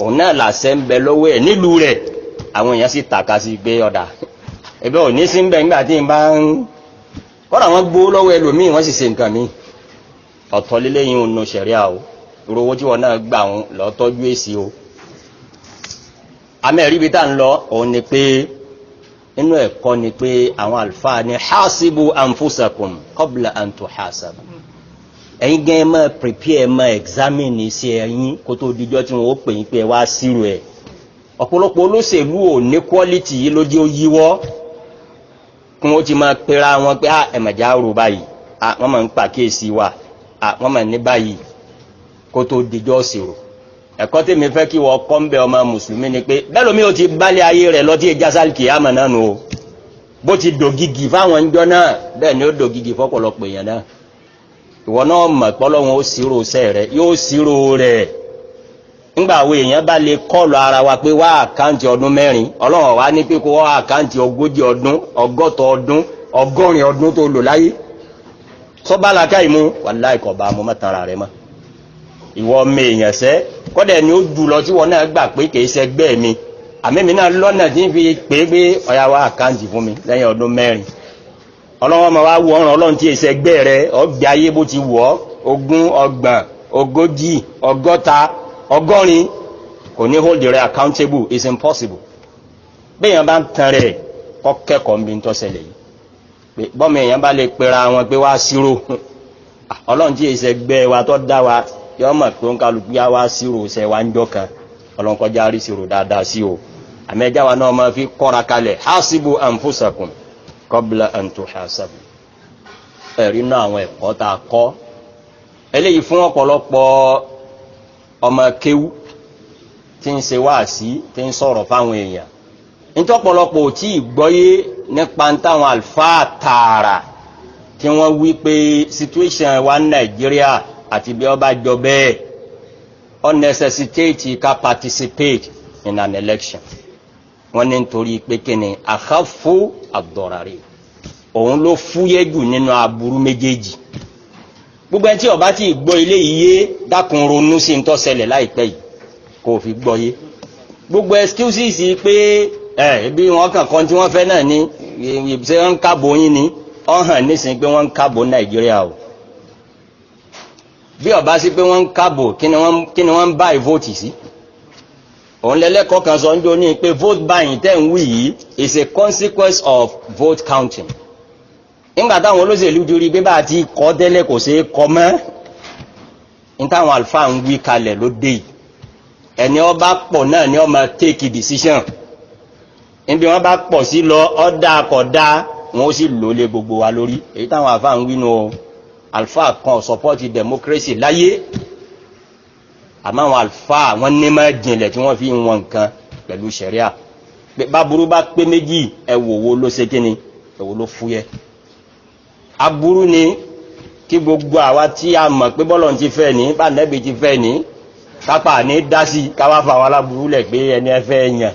Speaker 1: òun náà làṣẹ ń bẹ lọ́wọ́ ẹ̀ nílùú rẹ̀ àwọn èèyàn sì tàka sí gbé ọ̀dà ẹ̀bẹ̀ ò ní sí ń bẹ nígbà tí n bá ń kọ́ra wọn gbó lọ́wọ́ ẹlòmíì wọ́n sì ṣe nǹkan míì ọ̀tọ̀ lélẹ́yìn òun sẹ̀ríà o ìrówó tí wọn náà gbà wọn lọ tọ́jú èsì o amẹ́rí ibi tá ń lọ òun ni pé inú ẹ̀kọ́ ni pé àwọn àlùfáà ni hasibu anfusakum qabla an tuhasabu. Mm ẹ̀yin gan ẹ prepare ẹ examine iṣẹ́ ẹ̀yin kó tó dijọ́ tí wọ́n pè yín pé wá sírò ẹ̀ ọ̀pọ̀lọpọ̀ olóṣèlú ò ní quality yìí ló jẹ́ ó yíwọ́ kí wọ́n ti máa pera wọn pé à ẹ̀mọ̀já rò báyìí à ah, wọ́n máa ń pàkíyèsí wa à ah, wọ́n máa ní báyìí kó tó dijọ́ sírò ẹ̀kọ́ tèmi fẹ́ kí wọ́n kọ́ ń bẹ ọmọ mùsùlùmí ni pé bẹ́ẹ̀ lómi ò ti bálé ayé rẹ̀ lọ tí ìjà sálì bó ti dògìgì fáwọn ìjọ náà bẹ́ẹ̀ ni ó dògìgì fọ́pọ̀lọpọ̀ èèyàn náà ìwọ náà mọ̀ pọ́lọ́hún ó ṣírò sẹ́ rẹ̀ yóò ṣírò rẹ̀ ńgbà àwọn èèyàn bá lè kọ́ọ̀lù ara wa pé wá àkáǹtì ọdún mẹ́rin ọlọ́run wa ní wá àkáǹtì ogójì ọdún ọgọ́ta ọdún ọgọ́rin ọdún tó lò láyé sọ́bálàká ìmú wà rẹ̀ mọ́ ìwọ ọmọ èèyàn sẹ́ kọ́dẹ̀ ni ó lọ tí wọn náà pé ọlọ́wọ́ ma wá wọ ọ̀ràn ọlọ́run tí èsẹ̀ ẹgbẹ́ rẹ ọgbẹ́ ayé bó ti wọ̀ ogún ọgbọ̀n ogójì ọgọ́ta ọgọ́rin kò ní hold rẹ accountable It's impossible bẹ́ẹ̀yàn bá ń tan rẹ̀ kọ́ kẹ́kọ̀ọ́ nbí tó ṣẹlẹ̀ yìí bọ́mọ èèyàn bá lè pera wọn pé wá sírò ọlọ́run tí èsẹ̀ ẹgbẹ́ wa tó dá wa yọ mọ̀ pé ń kálukú yá wá sírò ṣẹ wá ń jọ ọlọ́run kọjá rí sírò dáadáa sí o àmẹ́jáwa náà máa fi kọ́ra kalẹ̀ hasibu anfusakum qabla an tuhasabu ẹ̀rí náà àwọn ẹ̀kọ́ tá a kọ́ eléyìí fún ọ̀pọ̀lọpọ̀ ọmọ kéwú tí ń ṣe wáàsí tí ń sọ̀rọ̀ fáwọn èèyàn nítọ́pọ̀lọpọ̀ ò tí ì gbọ́yé nípa táwọn àlùfáà tààrà tí wọ́n wí pé situation wa nàìjíríà àti bí ọba jọ bẹ́ẹ̀ unnecessitate ká participate in an election wọ́n ní nítorí pé kíni àkàfó àdọ̀ràrí òun ló fúyẹ́ jù nínú aburú méjèèjì gbogbo ẹni tí ọba ti gbọ́ ilé yìí dákun ronú sí ń tó ṣẹlẹ̀ láìpẹ́ yìí kò fi gbọ́ yé gbogbo excuses pé ẹ bí wọn kàn tí wọ́n fẹ́ náà ni ṣé wọ́n ń kábò yín ni ọ hàn nísìnyí pé wọ́n ń kábò nàìjíríà o bí ọba sí pé wọ́n ń kábò kí ni wọ́n ń bá ìvóòtì sí. Si òun lẹ́lẹ́kọ̀ọ́ kan sọ ń dó ní pé vote buying tẹ́ ń wí yìí is a consequence of vote counting nígbà táwọn olóṣèlú jurí pé bá a ti kọ́ tẹ́lẹ̀ kò ṣeé kọ́ mọ́ ní táwọn àlùfáà ń wí kalẹ̀ ló yìí ẹni ọ bá pọ̀ náà ni ọ máa take decision níbi wọ́n bá pọ̀ sí lọ ọ́dà kọ̀dá wọn ó sì lò lé gbogbo wa lórí èyí táwọn àlùfáà ń wí nu àlùfáà kan support democracy láyé àmọ́ àwọn alfa àwọn nímọ̀ jìnlẹ̀ tí wọ́n fi ń wọn nǹkan pẹ̀lú sẹ̀ríà báburú bá pé méjì ẹ̀wò wo ló ṣe kíni ẹ̀wò ló fúyẹ́ aburú ni kí gbogbo àwa tí a mọ̀ pé bọ́lọ̀ ti fẹ́ ní bá nẹ́bi ti fẹ́ ní kápá ní dásí káwá fa wa láburú lẹ̀ pé ẹni ẹ fẹ́ yàn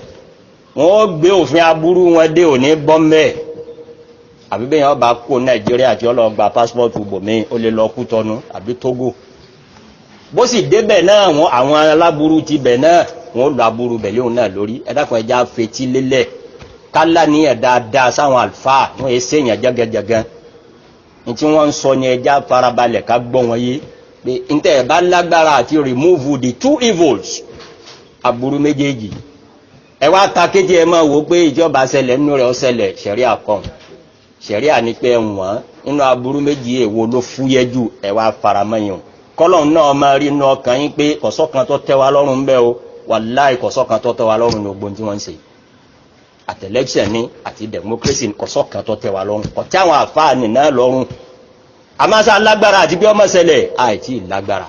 Speaker 1: wọ́n gbé òfin aburú wọn dé òní bọ́m̀bẹ́ àbí bẹ́ẹ̀ yẹn ọba kó nàìjíríà tí ọlọ́gba pásítọ̀tù bòmí ó lè lọ kú tọ́nu àbí tógò bó sì débẹ̀ náà wọn àwọn aláburú ti bẹ̀ náà wọn lọ aburú bẹ̀ òun náà lórí ẹ̀dàkùn ẹja fetí lélẹ̀ kálá ní ẹ̀dá dáa sáwọn wọn yẹ sẹ́yìn jẹ́gẹ́jẹ́gẹ́ ntí wọ́n ń sọ ẹja farabalẹ̀ ká gbọ́ remove the two evils aburú méjèèjì ẹ wá ta kéde ẹ máa wò ó pé ìjọba ṣẹlẹ̀ nínú rẹ̀ ó ṣẹlẹ̀ ṣẹ̀rí àkọ́ ṣẹ̀rí àní pé wọ́n nínú aburú méjì kọ́lọ̀n náà máa rí inú ọkàn yín pé kọ̀sọ́kan tó tẹ́wa lọ́rùn bẹ́ o wàláì kọ̀sọ́kan tó tẹ́wa lọ́rùn ní ogbon tí wọ́n ń ṣe àtẹ̀lẹ́ṣẹ̀ ní àti democracy kọ̀sọ́kan tó tẹ́wa lọ́rùn kọ̀tí àwọn àfáàní náà lọ́rùn amásá lágbára àti bí ọmọ ṣẹlẹ̀ àìtí lágbára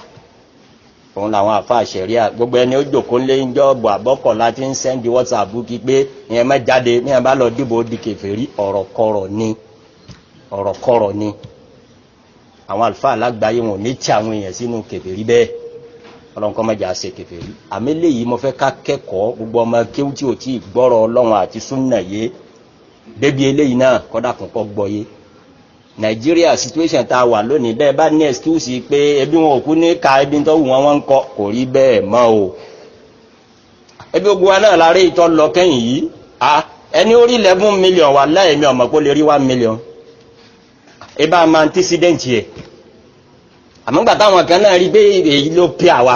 Speaker 1: òun làwọn àfáà ṣẹ̀ríà gbogbo ẹni ó jòkó lé ńjọ́ ọ̀bọ̀ àbọ́kọ̀ láti ń sẹ́ndì whatsapp kí ìyẹn má ní ẹ bá lọ dìbò di ọ̀rọ̀kọ̀rọ̀ ni ọ̀rọ̀kọ̀rọ̀ ni àwọn àlùfáà lágbàáyé wọn ò ní tí àwọn èèyàn sínú kèfèrí bẹ́ẹ̀ ọlọ́run kọ́ mẹ́jà ṣe kèfèrí àmì léyìí mo fẹ́ ká kẹ́kọ̀ọ́ gbogbo ọmọ kéwú tí ò tí ì gbọ́rọ̀ àti súnà yé débi eléyìí náà kọ́dà kan kọ́ gbọ́ yé nàìjíríà situation tá a wà lónìí bẹ́ẹ̀ bá ní excuse pé ebi wọn ò kú ní ka ebi tó wù wọn wọn ń kọ kò rí bẹ́ẹ̀ mọ́ o ebi gbogbo wa náà la rí ìtọ́ lọ kẹ́yìn yìí ẹni orí eleven million wà láì mi ọ̀mọ̀ pé lè rí one million. a ma antecedent yẹ àmọ́gbà táwọn kan náà rí pé èyí ló pé àwa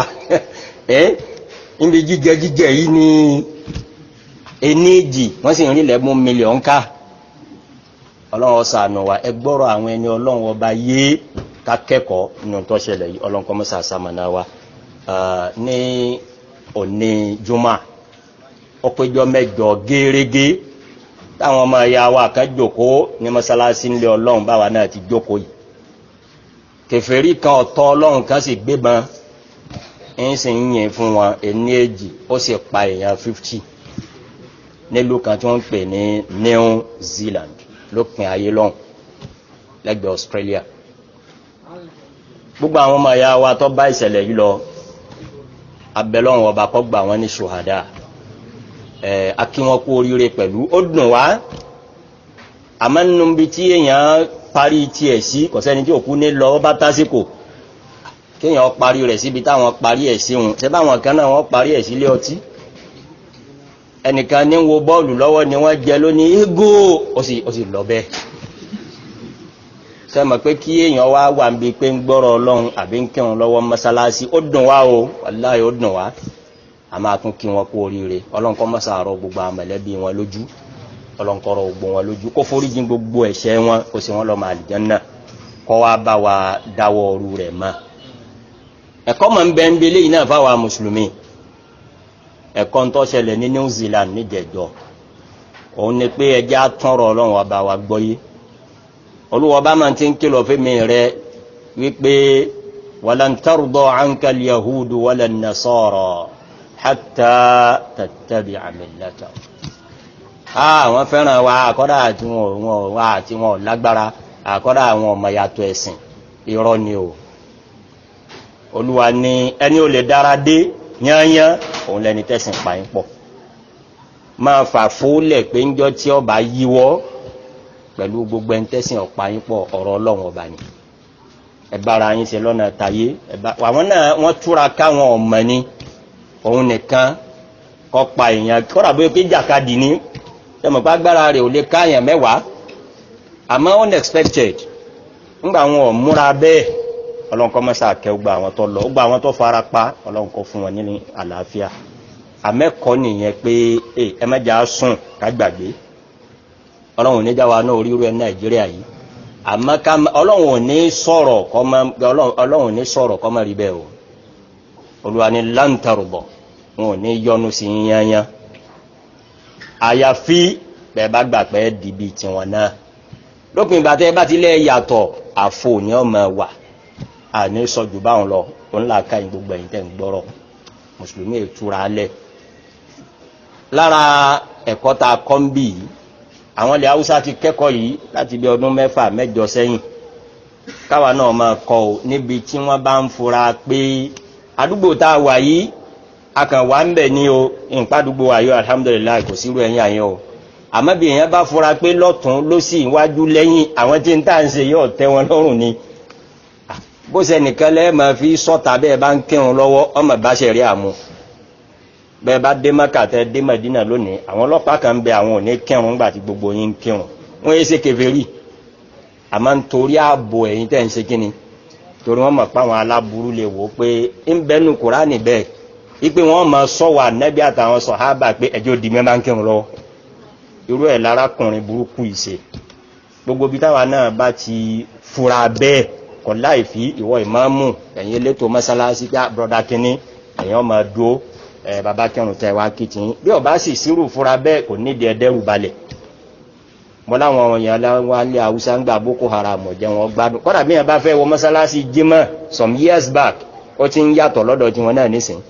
Speaker 1: ẹ́ níbi jíjẹ jíjẹ yìí ni enéjì wọ́n sì rí lẹ́mú mílíọ̀n ká ọlọ́run ṣàánú wa àwọn ẹni ọlọ́run ọba yé ka nínú tó ṣẹlẹ̀ yìí ọlọ́run wa ní òní jùmọ̀ táwọn ọmọ ẹ̀yà wa kan jókòó ní mọ́sálásí ńlẹ̀ ọlọ́run báwa náà ti jókòó yìí kèfèrí kan ọ̀tọ̀ ọlọ́run kan sì gbébọn ń sì ń yìn fún wọn ẹni èjì ó sì pa èèyàn fifty nílùú kan tí wọ́n ń pè ní New Zealand lópin ayé lọ́hùn lẹ́gbẹ̀ẹ́ Australia gbogbo àwọn ọmọ ẹ̀yà wa tó bá ìṣẹ̀lẹ̀ yìí lọ abẹ́lọ́run ọba kó gbà wọ́n ní ṣùhádà ẹ̀ akíwọn kú oríire pẹ̀lú ó dùn wá àmọ́ nínú bí tí èèyàn parí tiẹ̀ sí kọ̀sẹ́ni tí òkú ní lọ bá tásìkò kéèyàn parí rẹ̀ síbi táwọn parí ẹ̀ sí wọn ṣé báwọn kan náà wọ́n parí ẹ̀ sílé ọtí ẹnìkan ní wo bọ́ọ̀lù lọ́wọ́ ni wọ́n jẹ lónìí égó ó sì lọ bẹ́ẹ̀ sọ ma pé kí èèyàn wá wà ń bi pé ń gbọ́rọ̀ ọlọ́run àbí ń kírun lọ́wọ́ mọ́sálásí ó dùn wá o wàláhì ó dùn wá a máa tún kí wọn kú oríire ọlọ́nkọ́ mọ́sàárọ̀ gbogbo àwọn mọ̀lẹ́bí wọn lójú ọlọ́nkọ́rọ̀ gbogbo wọn lójú kó foríjìn gbogbo ẹ̀ṣẹ̀ wọn kó sì wọn lọ́mọ àlìjánná kọ́ wá bá wa dáwọ́ ọrú rẹ̀ mọ́ ẹ̀kọ́ mọ̀ ń bẹ ń bẹ léyìn náà fáwa mùsùlùmí ẹ̀kọ́ ń tó ní New Zealand níjẹ̀jọ òun ni pé ẹjẹ́ àtúnrọ̀ ọlọ́run ọba wa gbọ́yé olúwa bá máa ti ń kìlọ̀ fẹ́mi rẹ wípé walan tarda anka al-yahudu wala an hatta tattabi amillata àwọn fẹ́ràn wa àkọ́dá àti wọn àti wọn lágbára àkọ́dá àwọn ọmọ yàtọ̀ ẹ̀sìn irọ́ ni o olúwa ni ẹni ò lè dára dé yányán òun lẹni tẹ̀sìn pààyàn pọ̀ máa fà fúlẹ̀ pé ń jọ tí ọba yíwọ́ pẹ̀lú gbogbo ẹni tẹ̀sìn ọ̀pá yín pọ̀ ọ̀rọ̀ ọlọ́run ọba ni ẹ̀bára yín ṣe lọ́nà tayé àwọn náà wọ́n túra káwọn ọmọ ni. òun nìkan kọ pa èèyàn kọ́ra bóyá pé jàkadì ní ẹmọ̀ pé rẹ̀ ò lè ká èèyàn mẹ́wàá àmọ́ unexpected ńgbà wọn ò múra bẹ́ẹ̀ ọlọ́nkọ́ mọ́sá kẹ́ gba àwọn tó lọ gba àwọn tó fara pa fún wọn ní àlàáfíà àmẹ́kọ́ nìyẹn pé ẹ mẹ́jà sùn o olùwà ni wọn ò ní yọnu sí yányán àyàfi bẹ́ẹ̀ bá gbà pé dìbì tiwọn náà lópin ìgbà tẹ́ bá ti yàtọ̀ àfo ni ọ máa wà àní sọjù báwọn lọ òun là ká yín gbogbo ẹ̀yin tẹ́ ń gbọ́rọ̀ mùsùlùmí ìtura alẹ́ lára ẹ̀kọ́ tá a kọ́ ń bì yìí àwọn ilẹ̀ haúsá ti kẹ́kọ̀ọ́ yìí láti bí ọdún mẹ́fà mẹ́jọ sẹ́yìn káwa náà máa kọ́ ọ níbi tí wọ́n bá ń fura pé àdúgbò tá a wà yìí akànwà ń bẹ̀ ní o ìpàdúgbò ayọ́ alhamdulilayi kò sírú ẹ̀yìn àyẹ́ o àmọ́ bí èèyàn bá fura pé lọ́tún ló sì wájú lẹ́yìn àwọn tí ń tà ń ṣe yóò tẹ́ wọn lọ́rùn ni bó ṣe nìkan lẹ́ẹ̀ máa fi sọ́ta bẹ́ẹ̀ bá ń kírun lọ́wọ́ ọmọ bá ṣe rí àmú bẹ́ẹ̀ bá dé mọ́kà tẹ́ dé mọ́dínà lónìí àwọn ọlọ́pàá kan ń bẹ àwọn ò kírun nígbà tí gbogbo yín ń kírun wọ́n yé ṣe kèfèrí àmọ́ nítorí ààbò ẹ̀yìn tẹ́ ń ṣe kíni torí wọ́n mọ̀ pé àwọn aláburú lè wò ó pé ń bẹ́nu kùránì bẹ́ẹ̀ ipe wọn ma sọwọ anabi àtàwọn sọhábà pé ẹjọ di mẹ́ta ń kírun lọ irú ẹ̀ lárakùnrin burúkú ìṣe gbogbo bí táwa náà bá ti fura bẹ́ẹ̀ kọ láìfi ìwọ ìmáàmù ẹ̀yin elétò mọ́sálásí pé ah, broda kínní ẹ̀yin ọmọ dúó ẹ bàbá kírun tẹ wá kìtìyín bí ọba sì sírù fura bẹ́ẹ̀ kò nídìí ẹdẹrù balẹ̀ mọ láwọn ọ̀yàn aláwálé haúsá ń gba boko haram ọ̀jẹ̀ wọn gbádùn kọ́dà bí yẹn bá fẹ́ wọ mọ́sálásí jimá some years back ó ti ń yàtọ̀ lọ́dọ̀ tiwọn náà nísìnyí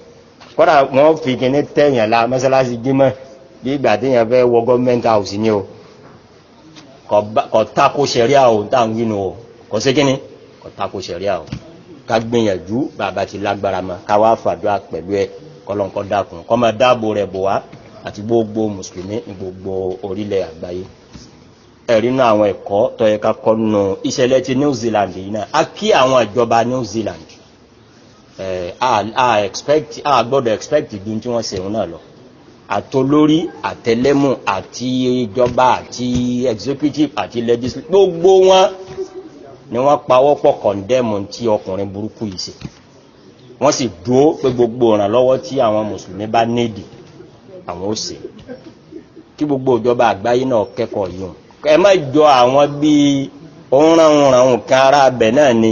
Speaker 1: kọ́dà wọ́n fi kíní tẹ̀yàn la mọ́sálásí jímọ̀ bí ìgbà téèyàn fẹ́ wọ government house ni o kò tako sẹ̀ríà o tá à ń wínú o kò sí kíní kò tako sẹ̀ríà o ká gbìyànjú bàbá ti lágbára mọ́ ká wá fàdúrà pẹ̀lú ẹ kọ́lọ́nkọ́ dákun kọ́ máa dáàbò rẹ̀ bò wá àti gbogbo mùsùlùmí ní gbogbo orílẹ̀ àgbáyé ẹ̀rí nú àwọn ẹ̀kọ́ tó ká kọ́ nù Eh, a gbọ́dọ̀ expect ju tí wọ́n ṣe òun náà lọ àtolórí àtẹlẹ́mù àti ìjọba àti executive àti legislative gbogbo wọn ni wọ́n pawọ́pọ̀ condemn tí ọkùnrin burúkú yìí ṣe wọ́n sì dúró pé gbogbo ìrànlọ́wọ́ tí àwọn mùsùlùmí bá nídìí àwọn ó ṣe kí gbogbo ìjọba àgbáyé náà kẹ́kọ̀ọ́ yìí ẹ má jọ àwọn bíi òun ràn òun ràn òun kan ara abẹ náà ni.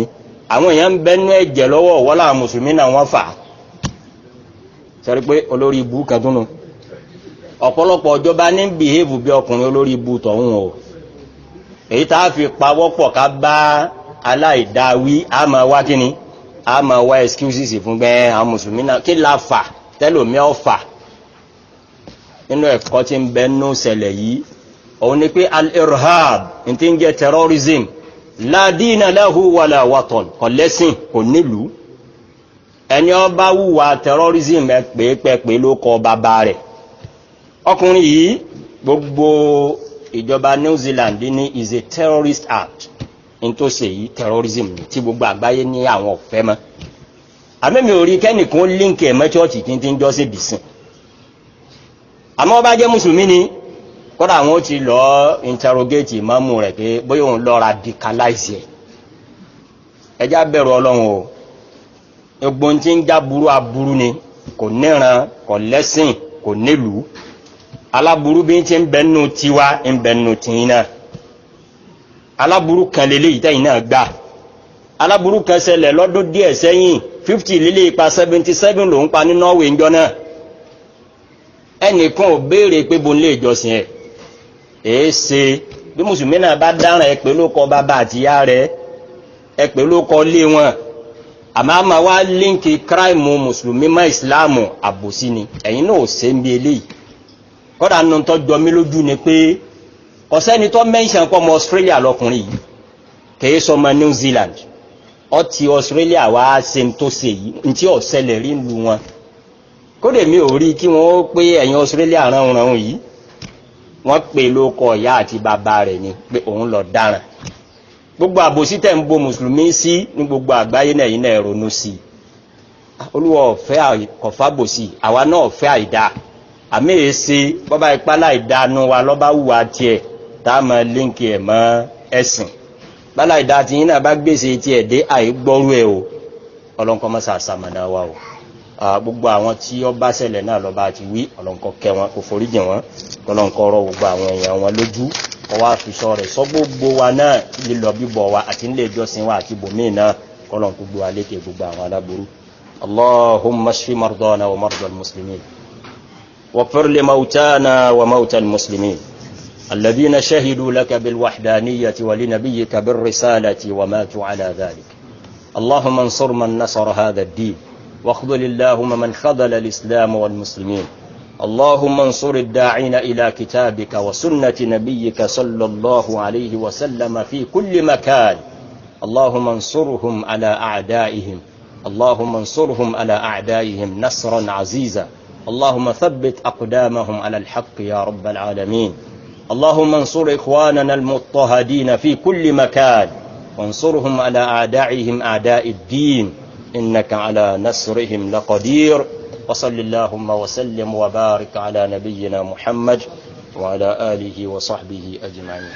Speaker 1: àwọn èèyàn ń bẹ́nú ẹ̀jẹ̀ lọ́wọ́ wọ́lá mùsùlùmí náà wọ́n fà sẹ́rí pé olórí ibu kan ọ̀pọ̀lọpọ̀ ọjọ́ba ní bìhéèvù bí ọkùnrin olórí ibu tọ̀hún o èyí tá fi pawọ́pọ̀ ká bá aláìdáwí a ma wá kíni fún gbẹ́ àwọn mùsùlùmí náà kí fà tẹ́lòmí fà nínú ẹ̀kọ́ tí ń ládínà lẹ́hu wàlà wàtọ̀n kò lẹ́sìn kò nílùú ẹni ọba wùwà terrorism ẹ pé pẹpẹ ló kọ bàbá rẹ̀ ọkùnrin yìí gbogbo ìjọba New Zealand ní is a terrorist act n tó ṣe yìí terrorism ni tí gbogbo àgbáyé ní àwọn ọ̀fẹ́ mọ́ àmẹ́mi ò rí kẹ́nìkan líǹkì ẹ̀mọ́ chọ́ọ̀chì tí ń jọ́ sí bìsìn àmọ́ ọba jẹ́ mùsùlùmí ni kọ́dà wọn ti lọ interrogate ìmáàmù rẹ̀ pé bóyá òun lọ radicalize ẹ̀ ẹjá bẹ̀rù ọlọ́run o gbogbo tí ń já burú aburú ni kò níran kò lẹ́sìn kò nílùú aláburú bí ti ń bẹ nù tiwa ń bẹ nù tìyín náà kan lélẹ́yìí tẹ́yìn náà gbà aláburú kan ṣẹlẹ̀ lọ́dún díẹ̀ sẹ́yìn fifty lílé ipa seventy seven lòún pa ní norway ńjọ náà ẹnìkan ò béèrè pé bo ń lè jọsìn ẹ̀ ee bí mùsùlùmí náà bá dáràn ẹ pé ló kọ bàbá àtìyá rẹ ẹ pé ló kọ lé wọn àmọ́ àmọ́ wá líǹkì kíráìmù mùsùlùmí mọ́ ìsìláàmù àbòsí ni ẹ̀yin náà ò ṣe ń bi eléyìí kọ́dà nù tó jọ mí lójú ni pé ọ̀sẹ́ni tó mẹ́ńsàn kọ́ ọmọ Australia lọkùnrin yìí kèé New Zealand ọtí Australia wá ṣe ń tó ṣe yìí ntí ọ̀sẹ̀lẹ̀ rí lu wọn kódè mi ò rí kí wọ́n pé Australia yìí wọ́n pè lóko ìyá àti bàbá rẹ̀ ni pé òun lọ dáràn gbogbo àbòsí tẹ̀ ń bo mùsùlùmí sí ní gbogbo àgbáyé náà yìí náà ronú sí i olúwa ọ̀fẹ́ àkọ́fàbòsí àwa náà ọ̀fẹ́ àìdá àmì èsè bọ́bá ipá láìdánu wa lọ́bá wùwà tiẹ̀ tá a mọ líǹkì ẹ̀ mọ́ ẹ̀sìn bálá ìdá tiyín náà bá gbèsè tiẹ̀ dé àìgbọ́rú ẹ̀ o ọlọ́nkọ́ mọ́sà sàmọ̀nà wa o. Ah, gbogbo àwọn tí ó bá ṣẹlẹ̀ náà lọ́ba àti wí ọlọ́nkọ kẹ wọn kò foríjì wọn ọlọ́nkọ rọ gbogbo àwọn èèyàn wọn lójú ọwọ́ àfisọ rẹ̀ sọ gbogbo wa náà lílọ bíbọ̀ wa àti nílé ìjọsìn wa àti bòmíì náà kọlọ́nkọ gbogbo alékè gbogbo àwọn aláburú. اللهم اشف مرضانا ومرضى المسلمين واغفر لموتانا وموتى المسلمين الذين شهدوا لك بالوحدانية ولنبيك بالرسالة وماتوا على ذلك اللهم انصر من نصر هذا الدين واخذل اللهم من خذل الإسلام والمسلمين اللهم انصر الداعين إلى كتابك وسنة نبيك صلى الله عليه وسلم في كل مكان اللهم انصرهم على أعدائهم اللهم انصرهم على أعدائهم نصرا عزيزا اللهم ثبت أقدامهم على الحق يا رب العالمين اللهم انصر إخواننا المضطهدين في كل مكان وانصرهم على أعدائهم أعداء الدين إنك على نصرهم لقدير وصل اللهم وسلم وبارك على نبينا محمد وعلى آله وصحبه أجمعين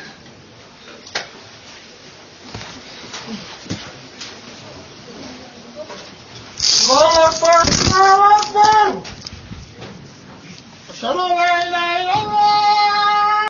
Speaker 1: الله أكبر الله أكبر أشهد أن لا إله إلا الله